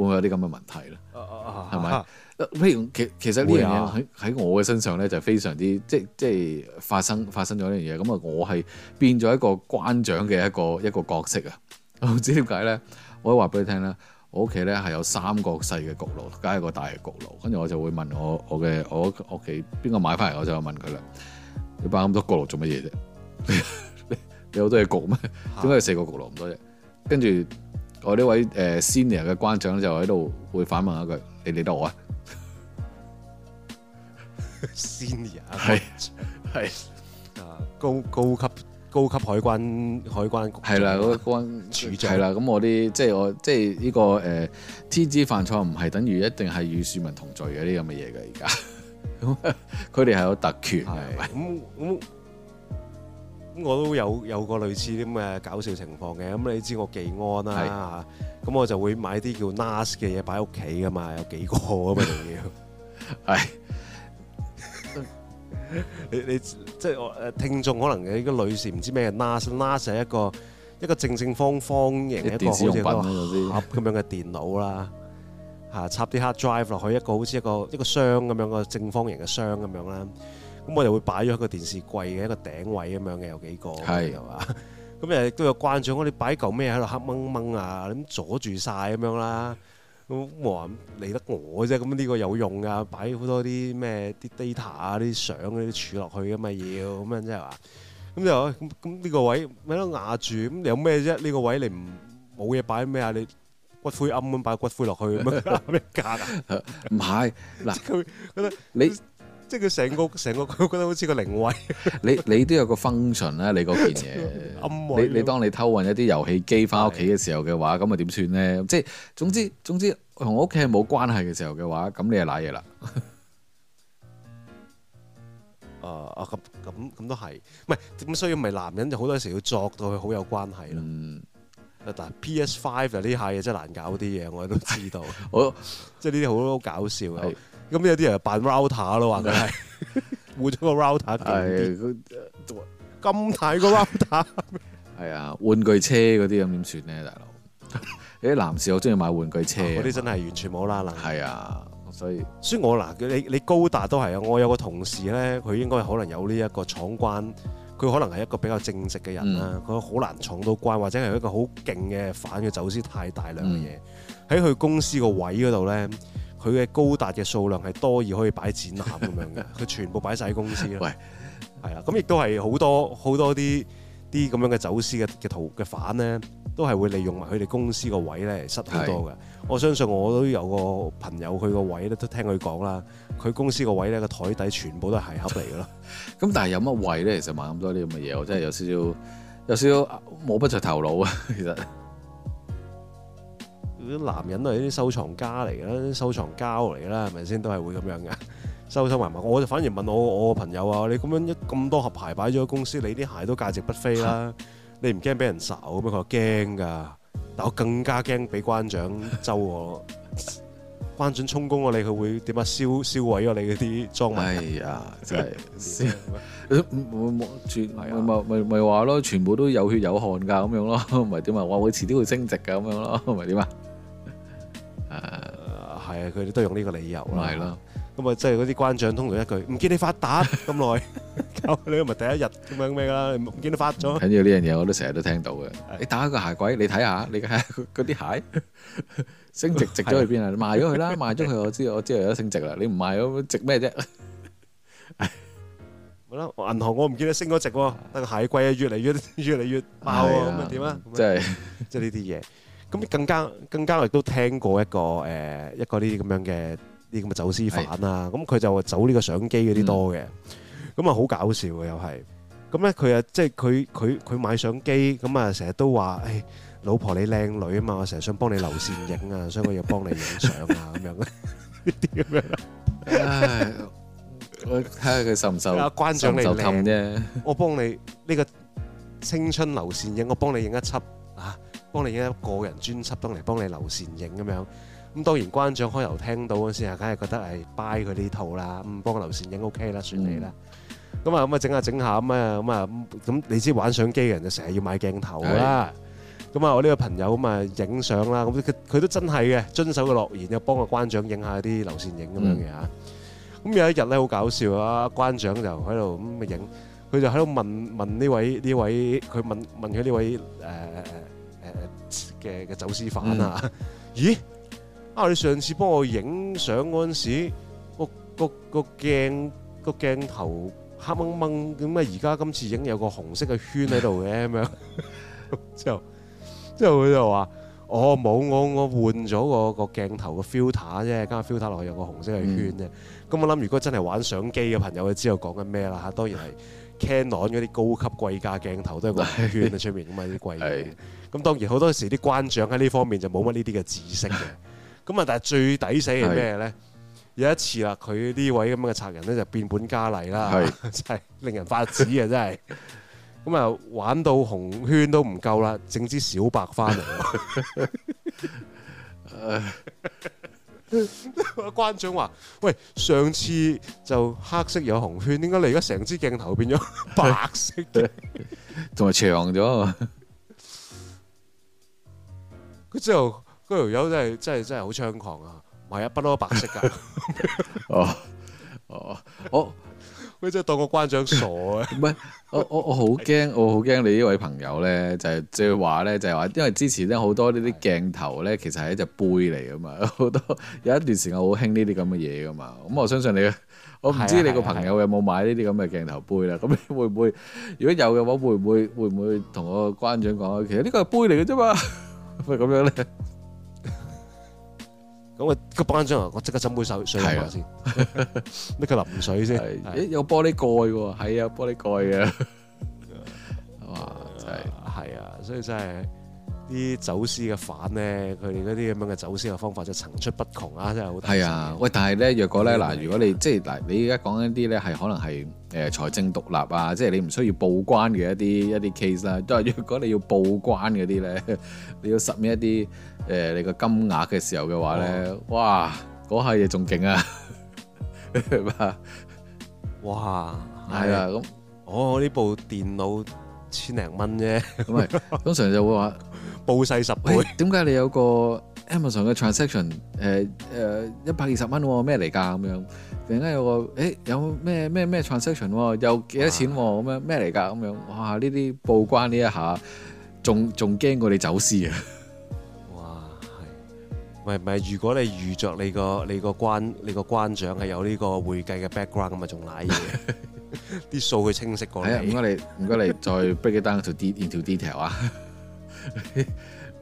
會，會唔會有啲咁嘅問題咯，係咪、啊？譬、啊、吧如其其實呢樣嘢喺喺我嘅身上咧就非常之即即係發生發生咗呢樣嘢，咁啊我係變咗一個關長嘅一個一個角色啊，知點解咧？我可以話俾你聽咧，我屋企咧係有三個細嘅焗爐，加一個大嘅焗爐，跟住我就會問我我嘅我屋企邊個買翻嚟，我就問佢啦：你擺咁多焗爐做乜嘢啫？你好多嘢焗咩？點解要四個焗爐咁多嘢？」跟住，我呢位誒 senior 嘅關長就喺度會反問一句：你理得我啊？senior 係係啊高高級高級海關海關局係啦，嗰個，關處長係啦。咁主我啲即係我即係、呢、呢個誒，天、呃、子犯錯唔係等於一定係與庶民同罪嘅啲咁嘅嘢嘅。而家佢哋係有特權係咁咁。我都有有個類似啲咁嘅搞笑情況嘅，咁、嗯、你知我寄安啦、啊，咁是、嗯、我就會買啲叫 NAS 嘅嘢擺喺屋企噶嘛，有幾個咁啊仲要。係，你你即係我誒聽眾可能嘅呢個女士唔知咩 NAS，NAS 係一個一個正正方方形嘅一個好似個盒咁樣嘅電腦啦，嚇 [LAUGHS] 插啲 hard drive 落去一個好似一個一個箱咁樣嘅正方形嘅箱咁樣啦。咁我又會擺咗喺個電視櫃嘅一個頂位咁樣嘅有幾個，係嘛？咁誒都有關注我哋擺嚿咩喺度黑掹掹啊？咁阻住晒咁樣啦，咁冇人嚟得我啫。咁呢個有用噶，擺好多啲咩啲 data 啊，啲相嗰啲儲落去噶嘛，要咁樣即係話。咁就咁呢個位咪都壓住，咁你有咩啫？呢個位你唔冇嘢擺咩啊？你骨灰暗咁擺骨灰落去咁樣咩架啊？唔係嗱，你。即係佢成個成個，佢覺得好似個靈位。你你都有個 function 咧，你嗰件嘢。 [LAUGHS] 暗你你當你偷運一啲遊戲機翻屋企嘅時候嘅話，咁啊點算咧？即係總之總之，同屋企係冇關係嘅時候嘅話，咁你係瀨嘢啦。誒誒、啊，咁咁咁都係，唔係點需要咪男人就好多時要作到佢好有關係啦。但，P S Five 啊呢下嘢真係難搞啲嘢，我都知道。 [LAUGHS] 好，即係呢啲好好搞笑嘅。咁、嗯、有啲人扮 router 咯，話佢係換咗個 router，係咁大個 router。係啊， [LAUGHS] 玩具車嗰啲咁點算咧，大佬？你 [LAUGHS] 啲、欸、男士好中意買玩具車，嗰啲、哦、真係完全冇啦啦。係啊，所以，所以我嗱，你你高達都係啊。我有個同事咧，佢應該可能有呢一個闖關，佢可能係一個比較正直嘅人啦。佢好、嗯、難闖到關，或者係一個好勁嘅反嘅走私太大量嘅嘢，喺佢、嗯、公司個位嗰度咧。佢嘅高達嘅數量係多而可以擺展覽咁樣嘅，佢 [LAUGHS] 全部擺晒喺公司啦。喂， [LAUGHS] 係啊，咁亦都係好多好多啲啲咁樣嘅走私嘅嘅徒嘅犯咧，都係會利用埋佢哋公司個位咧，塞好多嘅。我相信我都有個朋友去，佢個位咧都聽佢講啦，佢公司個位咧個枱底全部都係鞋盒嚟嘅咯。咁 [LAUGHS] 但係有乜位咧？其實買咁多啲咁嘅嘢，我真係有少少有少少冇不着頭腦啊，其實。啲男人都係啲收藏家嚟啦，啲收藏家嚟啦，係咪先？都係會咁樣嘅，收收埋埋。我就反而問我我個朋友啊，你咁樣一咁多盒牌擺咗喺公司，你啲鞋都價值不菲啦，你唔驚俾人炒？咁佢話驚噶，但係我更加驚俾關長周我關長充公我你，佢會點啊？燒燒毀咗你嗰啲裝備啊！真係燒，唔會望住咪咪咪話咯，全部都有血有汗噶，咁樣咯，唔係點啊？話會遲啲會升值噶，咁樣咯，唔係點啊？誒，係啊，佢哋都用呢個理由啦，咁啊，即係嗰啲關長通常一句，唔見你發達咁耐，你唔係第一日咁樣咩噶啦，唔見你發咗。緊要呢樣嘢，我都成日都聽到嘅。你打個鞋櫃，你睇下，你睇下嗰啲鞋升值，值咗去邊啊？賣咗佢啦，賣咗佢，我知我知有得升值啦。你唔賣咁值咩啫？係，冇啦。銀行我唔見得升咗值，但係鞋櫃啊，越嚟越越嚟越爆，咁啊點啊？即係即係呢啲嘢。咁更加更加，我亦都聽過一個誒，一個呢啲咁樣嘅啲咁嘅走私犯啊！咁佢就話走呢個相機嗰啲多嘅，咁啊好搞笑嘅又係。咁咧佢啊，即係佢佢佢買相機，咁啊成日都話，誒老婆你靚女啊嘛，我成日想幫你留倩影啊，所以我要幫你影相啊咁樣啊，呢啲咁樣。唉，我睇下佢受唔受？關長你靚啫，我幫你呢個青春留倩影，我幫你影一輯啊！幫你影一個人專輯，當嚟幫你留倩影咁樣。咁當然，關長開頭聽到嗰陣時，啊，梗係覺得係 buy 佢呢套啦。唔幫佢留倩影 OK 啦，算你啦。咁啊，咁啊，整下整下咁啊，咁啊，咁你知玩相機嘅人就成日要買鏡頭啦。咁啊，我呢個朋友咁啊影相啦，咁佢佢都真係嘅遵守個諾言，就幫個關長影下啲留倩影咁樣嘅嚇。咁有一日咧，好搞笑啊！關長就喺度咁咪影，佢就喺度問問呢位呢位，佢問問佢呢位誒。誒嘅嘅走私犯啊！嗯、咦啊！你上次幫我影相嗰陣時，個個個鏡個鏡頭黑掹掹點解？而家今次影有個紅色嘅圈喺度嘅咁樣，之後 [LAUGHS] [LAUGHS] 就佢就話：哦冇，我我換咗個個鏡頭嘅 filter 啫，加 filter 落去有個紅色嘅圈啫。咁、嗯、我諗如果真係玩相機嘅朋友，佢知道講緊咩啦吓，當然係。Canon 嗰啲高級貴價鏡頭都係個圈啊，出面咁啊啲貴嘅。咁 [LAUGHS] 當然好多時啲關長喺呢方面就冇乜呢啲嘅知識嘅。咁啊， [LAUGHS] 但係最抵死係咩咧？有一次啦，佢呢位咁嘅賊人咧就變本加厲啦，係 [LAUGHS] [LAUGHS] 令人髮指啊！真係。咁啊，玩到紅圈都唔夠啦，整支小白翻嚟。 [LAUGHS] [LAUGHS] [LAUGHS] [LAUGHS] 關長話：喂，上次就黑色有紅圈，點解你而家成支鏡頭變咗白色嘅，同埋長咗？佢 [LAUGHS] 之後嗰條友真係真係真係好猖狂啊，買一筆都白色噶、 [LAUGHS] [LAUGHS] 哦。哦哦，我。咪即係當個關長傻啊！唔 [LAUGHS] 係， [LAUGHS] 我我我好驚，我好驚你呢位朋友咧，就係即係話咧，就係話，因為之前咧好多呢啲鏡頭咧，其實係一隻杯嚟噶嘛，好多有一段時間好興呢啲咁嘅嘢噶嘛。咁我相信你，我唔知你個朋友有冇買呢啲咁嘅鏡頭杯啦。咁你會唔會？如果有嘅話，會唔會會唔會同個關長講？其實個、啊、 [LAUGHS] 呢個係杯嚟嘅啫嘛，咪咁樣咧。咁我、嗰個班長啊，我即刻斟杯水水佢是的 先，拎佢 [LAUGHS] 淋水先。咦，有玻璃蓋喎，係啊，玻璃蓋嘅， [LAUGHS] 哇，真係係啊，所以真係。啲走私嘅犯咧，佢哋嗰啲咁樣嘅走私嘅方法就層出不窮啊！真係好係啊，喂，但係咧，若果咧嗱，如果你即係嗱，你而家講一啲咧係可能係誒財政獨立啊，即係你唔需要報關嘅一啲一啲 case 啊。都係若果你要報關嗰啲咧，你要實名一啲誒、呃、你個金額嘅時候嘅話咧，哇！嗰下嘢仲勁啊！哇！係啊，咁、哦、我呢部電腦千零蚊啫，咁係 [LAUGHS] 通常就會話。報細十倍，點解、欸、你有個 Amazon 嘅 transaction？誒、呃、誒，一百二十蚊咩嚟噶？咁、哦、樣，突然間有個誒、欸，有咩咩咩 transaction？又、哦、幾多錢、哦？咁樣咩嚟噶？咁樣，哇！呢啲報關呢一下，仲仲驚過你走私啊？哇，係唔係？如果你遇着你個你個關你個關長係有呢個會計嘅 background 咁啊，仲瀨嘢？啲數佢清晰過你。係啊，唔該你，唔該你，你再 break down 條 detail 啊。 [LAUGHS] [LAUGHS]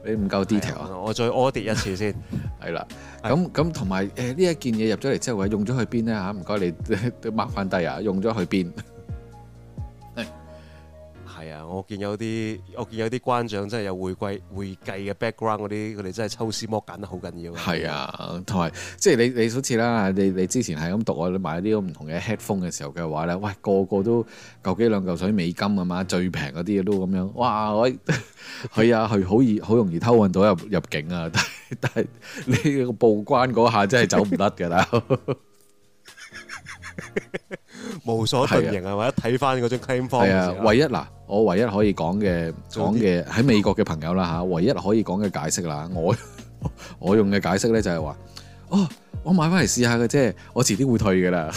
你唔夠 detail 啊！ [MUSIC] 我再 order 一次先。 [LAUGHS] 係啦，咁咁同埋誒呢一件嘢入咗嚟之後，用咗去邊咧嚇？唔該你，麻煩啲啊， [LAUGHS] 用咗去邊？係啊，我見有啲，我見有啲關長真係有會計會計嘅 background 嗰啲，佢哋真係抽絲剝繭得好緊要。係啊，同埋即係你你好似啦，你你之前係咁讀，你買啲唔同嘅 headphone 嘅時候嘅話咧，喂個個都舊幾兩嚿水美金啊嘛，最平嗰啲都咁樣，哇！佢佢啊，佢好易好容易偷運到入入境啊，但係但係你報關嗰下真係走唔甩㗎啦。無所遁形係的或者睇翻嗰張 claim form，係啊！唯一嗱，我唯一可以講嘅講嘅喺美國嘅朋友啦嚇，唯一可以講嘅解釋啦，我 [LAUGHS] 我用嘅解釋咧就係話：哦，我買翻嚟試下嘅啫，我遲啲會退嘅啦。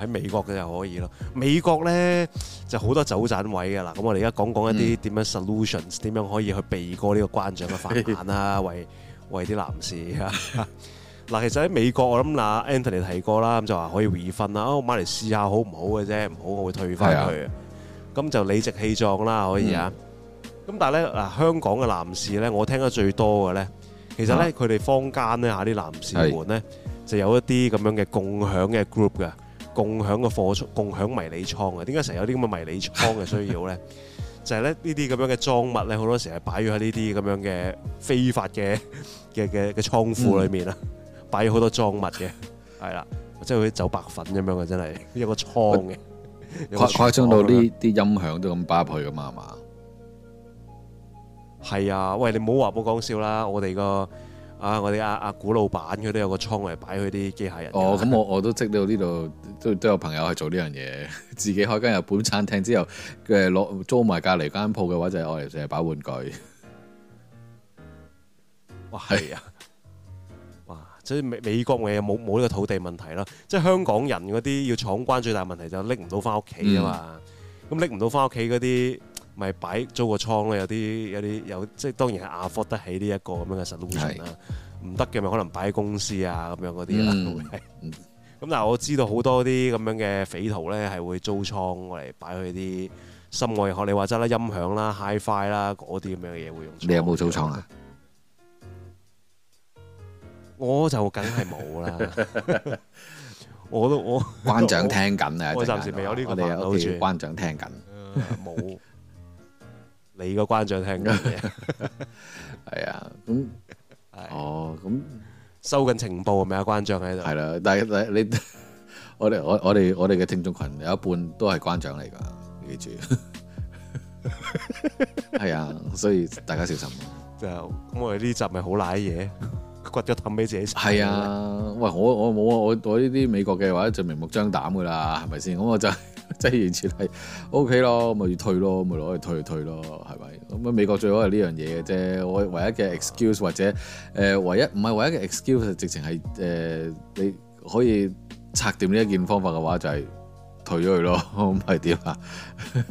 喺美國嘅就可以咯，美國咧就好多走盞位嘅嗱。咁我哋而家講講一啲點樣 solutions，點、嗯、樣可以去避過呢個關長嘅法眼啊？為為啲男士啊！ [LAUGHS] 嗱，其實喺美國，我諗阿 Anthony 提過啦，咁就話可以 refund 啦。我買嚟試下好唔好嘅啫，唔好我會退翻去。咁就理直氣壯啦，可以啊。咁但係咧嗱，香港嘅男士咧，我聽得最多嘅咧，其實咧佢哋坊間咧嚇啲男士們咧，就有一啲咁樣嘅共享嘅 group 嘅，共享嘅貨倉、共享迷你倉啊。點解成日有啲咁嘅迷你倉嘅需要咧？就係咧呢啲咁樣嘅贓物咧，好多時係擺咗喺呢啲咁樣嘅非法嘅嘅嘅嘅倉庫裏面啊。擺好多裝物嘅，係啦，即係好似走白粉咁樣嘅，真係有個倉嘅。誇誇張到呢啲音響都咁擺入去噶嘛？係嘛？係啊！喂，你唔好話冇講笑啦！我哋個啊，我哋阿阿古老闆佢都有個倉嚟擺佢啲機械人。哦，咁我 [LAUGHS] 我都識到呢度，都都有朋友係做呢樣嘢，自己開間日本餐廳之後，誒，攞租埋隔籬間鋪嘅話，就係我哋成日擺玩具。哇，係啊！ [LAUGHS] [LAUGHS] 所以美美國嘅嘢冇冇呢個土地問題啦，即係香港人嗰啲要闖關最大問題就拎唔到返屋企啊嘛，咁拎唔到返屋企嗰啲咪擺租個倉咯，有啲有啲有，即係當然係 afford 得起呢一個咁樣嘅 solution 啦，唔得嘅咪可能擺喺公司啊咁樣嗰啲啊，咁、嗯、 [LAUGHS] 但係我知道好多啲咁樣嘅匪徒咧係會租倉嚟擺佢啲心愛學你話齋啦，音響啦、Hi-Fi 啦嗰啲咁樣嘅嘢會用。你有冇租倉啊？我就梗係冇啦，我都我關長聽緊啊，我暫時未有呢個我哋有好似關長聽緊，冇你個關長聽緊，係啊，咁哦，咁收緊情報係咪有關長喺度？係啦，但係你我哋我我哋我哋嘅聽眾群有一半都係關長嚟噶，記住，係 [LAUGHS] 啊，所以大家小心啊。就咁 [LAUGHS] [LAUGHS] 我哋呢集咪好瀨嘢。掘咗氹俾自己食，係啊！嗯、喂，我我冇啊！我我呢啲美國嘅話就明目張膽噶啦，係咪先？咁我就即係完全係 O K 咯，咪要退咯，咪攞嚟退退咯，係咪？咁啊美國最好係呢樣嘢嘅啫，我唯一嘅 excuse 或者誒、呃、唯一唔係唯一嘅 excuse，直情係誒你可以拆掉呢一件方法嘅話，就係退咗佢咯，咁係點啊？係、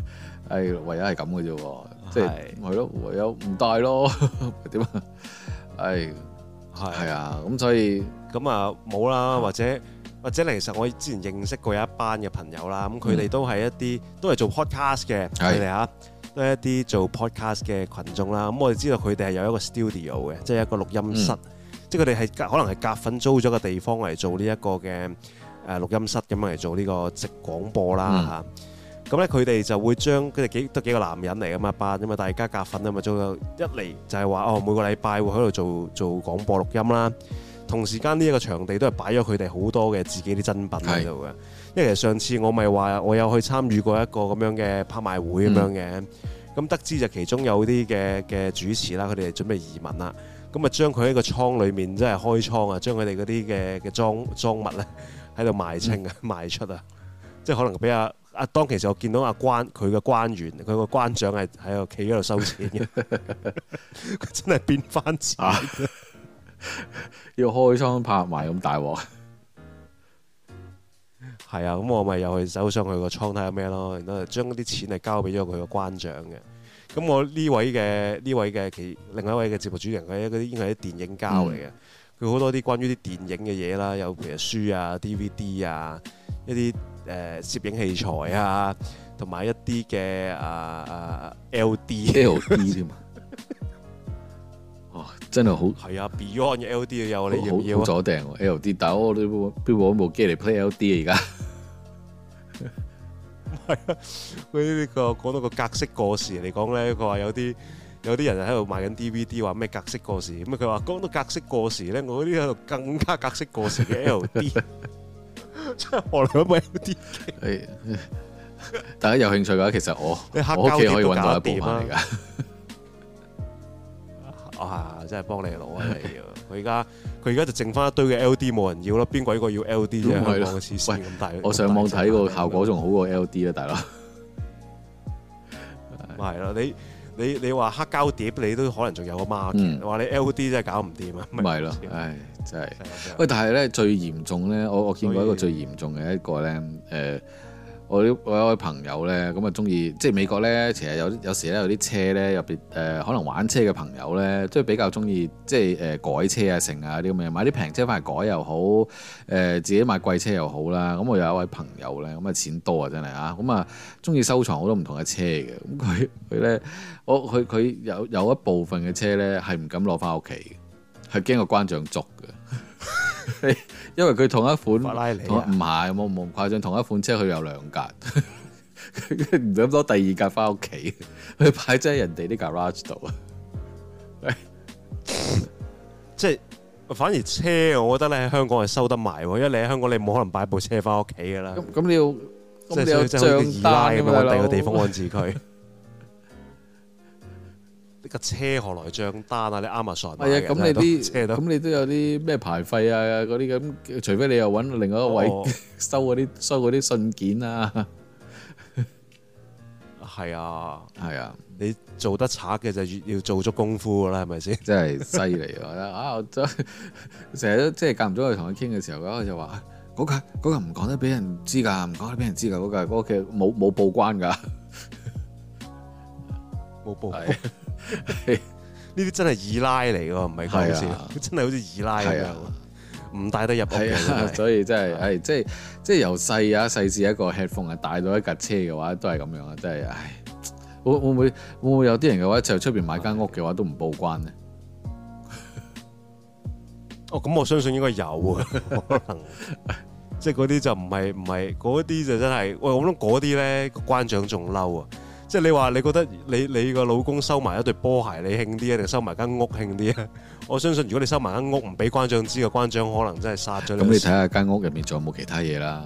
[LAUGHS] 哎、唯一係咁嘅啫喎，即係係是咯，唯有唔帶咯，點 [LAUGHS] 啊？係、哎。係係啊，咁、嗯、所以咁啊冇啦，或者或者，其實我之前認識過有一班嘅朋友啦，咁佢哋都係一啲、嗯、都係做 podcast 嘅。佢哋啊，啊都係一啲做 podcast 嘅群眾啦。咁、啊、我哋知道佢哋係有一個 studio 嘅，即、就、係、是、一個錄音室，嗯、即係佢哋係可能係夾份租咗個地方嚟做呢一個嘅誒錄音室咁嚟做呢個直廣播啦嚇。嗯啊咁咧，佢哋就會將佢哋幾得幾個男人嚟啊嘛，班啊嘛，大家夾份啊嘛，做到一嚟就係話哦，每個禮拜會喺度做做廣播錄音啦。同時間呢一個場地都係擺咗佢哋好多嘅自己啲珍品喺度嘅。是因為上次我咪話我有去參與過一個咁樣嘅拍賣會咁樣嘅，咁、嗯、得知就其中有啲嘅嘅主持啦，佢哋準備移民啦，咁啊將佢喺個倉裏面即係開倉啊，將佢哋嗰啲嘅嘅裝裝物咧喺度賣清啊賣、嗯、 [LAUGHS] 出啊，即係可能比較。啊！當其實我見到阿關佢嘅關員，佢個關長係喺度企喺度收錢嘅，佢真係變翻錢，要開倉拍埋咁大鑊。係 [LAUGHS] [LAUGHS] 啊，咁我咪又去搜上去個倉睇下咩咯，然後將啲錢係交俾咗佢個關長嘅。咁我呢位嘅呢位嘅其另一位嘅節目主持人佢啲應該係啲電影膠嚟嘅，佢好、嗯、多啲關於啲電影嘅嘢啦，有譬如書啊、DVD 啊一啲。誒，攝影器材啊，同埋一啲嘅啊啊，L D L D 添嘛，哦，真係好係啊，Beyond 嘅 L D 又，你仲要咗訂 L D？但係我都邊部邊部機嚟 play L D 啊，而家唔係啊，喂呢個講到個格式過時嚟講咧，佢話有啲有啲人喺度賣緊 D V D，話咩格式過時咁啊？佢話講到格式過時咧，我呢度更加格式過時嘅 L D。即係我諗部 L D，大家有興趣嘅話，其實我黑我屋企可以搵到一部萬嚟噶。啊，真係幫你攞啊！我而家佢而家就剩翻一堆嘅 L D 冇人要咯，邊鬼個要 L D 啫、哦？咁大。我上網睇個效果仲好過 L D 啦，大佬、嗯。咪係啦，你你你話黑膠碟，你都可能仲有個 market、嗯。話你 L D 真係搞唔掂啊！咪係咯，係。真係喂！但係咧最嚴重咧，我我見過一個最嚴重嘅一個咧誒、呃，我我有一位朋友咧，咁啊，中意即係美國咧，其實有有時咧有啲車咧，入邊誒可能玩車嘅朋友咧，即係比較中意即係誒改車啊、成啊啲咁嘅嘢，買啲平車翻嚟改又好，誒、呃、自己買貴車又好啦。咁我有一位朋友咧，咁啊錢多啊真係啊，咁啊中意收藏好多唔同嘅車嘅。咁佢佢咧，我佢佢有有一部分嘅車咧係唔敢攞翻屋企嘅，係驚個關長捉嘅。 [LAUGHS] 因為佢同一款，拉唔係冇冇誇張，同一款車佢有兩架，唔諗攞第二架翻屋企，佢擺咗喺人哋啲 garage 度啊！ [LAUGHS] [LAUGHS] 即係反而車，我覺得咧喺香港係收得埋，因為你喺香港你冇可能擺部車翻屋企噶啦。咁 [LAUGHS] 你，你，嗯、你要你即係有張單咁樣，第二 [LAUGHS] 吧個地方安置佢。 [LAUGHS] 個車何來賬單啊？你啱唔啱？係啊，咁、嗯、你啲咁都、嗯、你都有啲咩牌費啊？嗰啲咁，除非你又揾另外一位、哦、收嗰啲收嗰啲信件啊。係啊，係啊，你做得賊嘅就要要做足功夫啦，係咪先？真係犀利啊真！啊，我成日都即係間唔中去同佢傾嘅時候，佢就話：嗰架嗰架唔講得俾人知噶，唔、講得俾人知噶，嗰架嗰架冇冇報關噶，冇報。呢 [LAUGHS] 啲真係二奶嚟噶，唔係講笑，真係好似二奶咁樣，唔帶、啊啊、得入去、啊。所以真係，係即係即係由細啊，細是、就是就是、至一個 headphone 啊，帶到一架車嘅話，都係咁樣啊。真係，唉，會會唔會會唔會有啲人嘅話，就出邊買間屋嘅話，都唔報關呢？啊、哦，咁我相信應該有啊，可能 [LAUGHS] 即係嗰啲就唔係唔係嗰啲就真係。喂、欸，我諗嗰啲咧，個關長仲嬲啊！即係你話你覺得你你個老公收埋一對波鞋你興啲啊，定收埋間屋興啲啊？我相信如果你收埋間屋唔俾關長知嘅，關長可能真係殺咗你。咁你睇下間屋入面仲有冇其他嘢啦？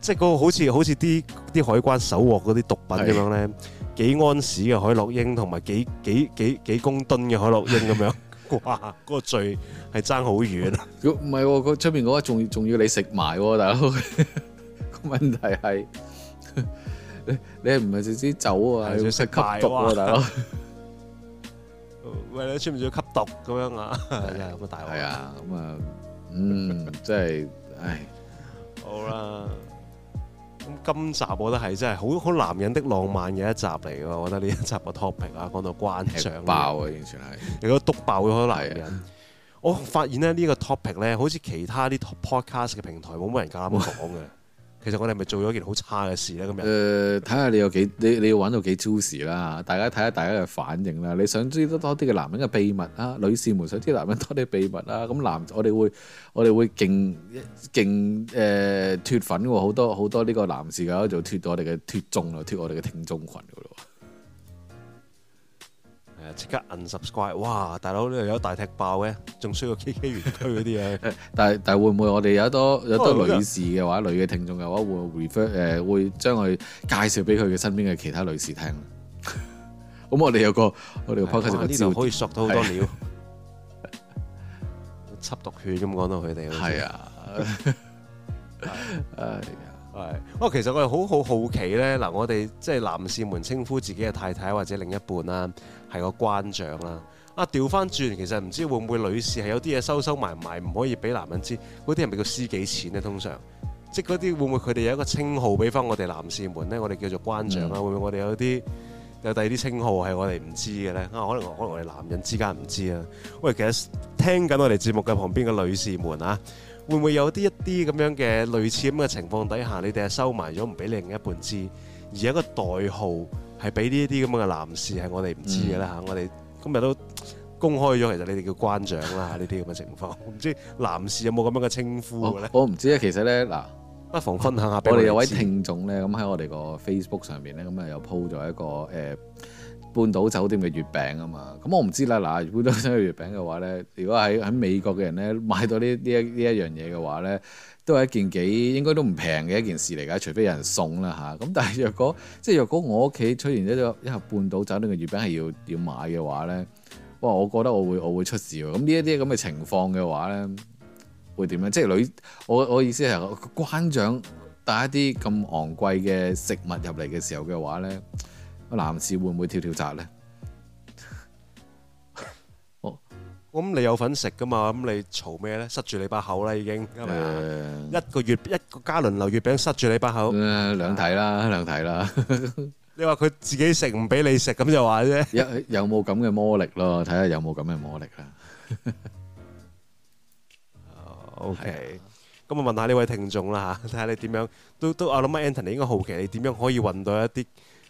即係嗰個好似好似啲啲海關搜獲嗰啲毒品咁樣咧，幾安士嘅海洛因同埋幾幾幾幾公噸嘅海洛因咁樣，哇！嗰個罪係爭好遠。唔係喎，出邊嗰個，仲仲要你食埋，大佬，個問題係。你你唔係直接走啊？要識的吸毒啊，大佬話哥 [LAUGHS] 喂你，知唔知吸毒咁樣啊？係 [LAUGHS] 啊，咁大係啊，咁啊，嗯，即係， [LAUGHS] 唉，好啦，咁今集我覺得係真係好好男人的浪漫嘅一集嚟噶，我覺得呢一集嘅 topic 啊，講到關長爆啊，完全係，又篤 [LAUGHS] 爆咗好多男人。的我發現咧呢個 topic 咧，好似其他啲 podcast 嘅平台冇乜人敢講嘅。 [LAUGHS] 其實我哋係咪做咗件好差嘅事咧？咁樣誒，睇下你有幾，你你要玩到幾 juicy 啦！大家睇下大家嘅反應啦！你想知得多啲嘅男人嘅秘密啦，女士們想知男人多啲秘密啦。咁、嗯、男我哋會，我哋會,會勁勁誒脱、呃、粉喎！好多好多呢個男士嘅就脱我哋嘅脱眾啦，脱我哋嘅聽眾群嘅咯。即刻 unsubscribe，哇！大佬呢度有大踢爆嘅，仲衰過 K K 園區嗰啲嘢。但係但係會唔會我哋有多 [LAUGHS] 有多女士嘅話、啊、話，女嘅聽眾嘅話會 refer 誒、呃、會將佢介紹俾佢嘅身邊嘅其他女士聽。咁 [LAUGHS] 我哋有個我哋嘅 podcast、啊、S, 可以索到好多料，緝 [LAUGHS] 毒犬咁講到佢哋。係 [LAUGHS] 是啊，係、 [LAUGHS] [LAUGHS] 啊。我、 [LAUGHS] 啊啊、其實我哋好好好奇咧。嗱、啊，我哋即係男士們稱呼，呼，呼自己嘅太太，太太或者另一半啦。係個關長啦！啊，調翻轉，其實唔知會唔會女士係有啲嘢收收埋埋，唔可以俾男人知。嗰啲係咪叫私己錢呢？通常，即係嗰啲會唔會佢哋有一個稱號俾翻我哋男士們呢？我哋叫做關長啦。嗯、會唔會我哋有啲有第二啲稱號係我哋唔知嘅呢、啊？可能可能我哋男人之間唔知啊！喂，其實聽緊我哋節目嘅旁邊嘅女士們啊，會唔會有啲一啲咁樣嘅類似咁嘅情況底下，你哋係收埋咗唔俾你另一半知，而一個代號？係俾呢啲咁樣嘅男士係我哋唔知嘅啦嚇，嗯、我哋今日都公開咗， [LAUGHS] 其實你哋叫關長啦嚇，呢啲咁嘅情況，唔知男士有冇咁樣嘅稱呼咧？我唔知啊，其實咧嗱，不妨分享下俾我哋，有位聽眾咧，咁喺我哋個 Facebook 上面咧，咁啊又 po 咗一個誒。呃半島酒店嘅月餅啊嘛，咁、嗯、我唔知啦。嗱，如果都想要月餅嘅話咧，如果喺喺美國嘅人咧買到呢呢一呢一樣嘢嘅話咧，都係一件幾應該都唔平嘅一件事嚟㗎，除非有人送啦吓，咁、啊、但係若果即係若果我屋企出現一一個半島酒店嘅月餅係要要買嘅話咧，哇！我覺得我會我會出事喎。咁呢一啲咁嘅情況嘅話咧，會點樣？即係女我我意思係關長帶一啲咁昂貴嘅食物入嚟嘅時候嘅話咧。個男士會唔會跳跳閘咧？我，咁你有份食噶嘛？咁你嘈咩咧？塞住你把口啦，已經，一個月一個加侖流月餅塞住你把口，兩睇啦，兩睇啦。你話佢自己食唔俾你食，咁就話啫。有有冇咁嘅魔力咯？睇下有冇咁嘅魔力啦。哦，OK。咁我問下呢位聽眾啦嚇，睇下你點樣都都，我諗阿 Anthony 應該好奇你點樣可以揾到一啲。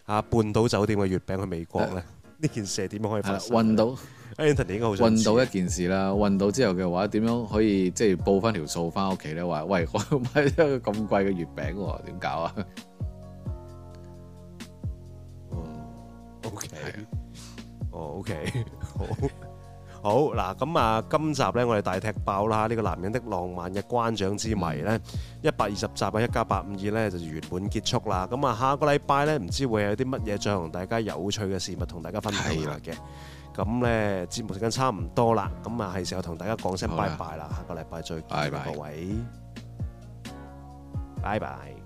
啊！半島酒店嘅月餅去美國咧，呢、啊、件事點樣可以發生、啊？運到 Anthony 應該好運到一件事啦。運到之後嘅話，點樣可以即係、就是、報翻條數翻屋企咧？話喂，我買咗一個咁貴嘅月餅喎，點搞啊？嗯，OK，的哦，OK，好。好嗱，咁啊，今集呢，我哋大踢爆啦，呢、這個男人的浪漫嘅關長之謎呢，一百二十集啊，一加八五二呢，就圓滿結束啦。咁啊，下個禮拜呢，唔知會有啲乜嘢再同大家有趣嘅事物同大家分享嘅。咁、啊、呢，節目時間差唔多啦，咁啊係時候同大家講聲拜拜啦，啊、下個禮拜再見啦，拜拜各位，拜拜。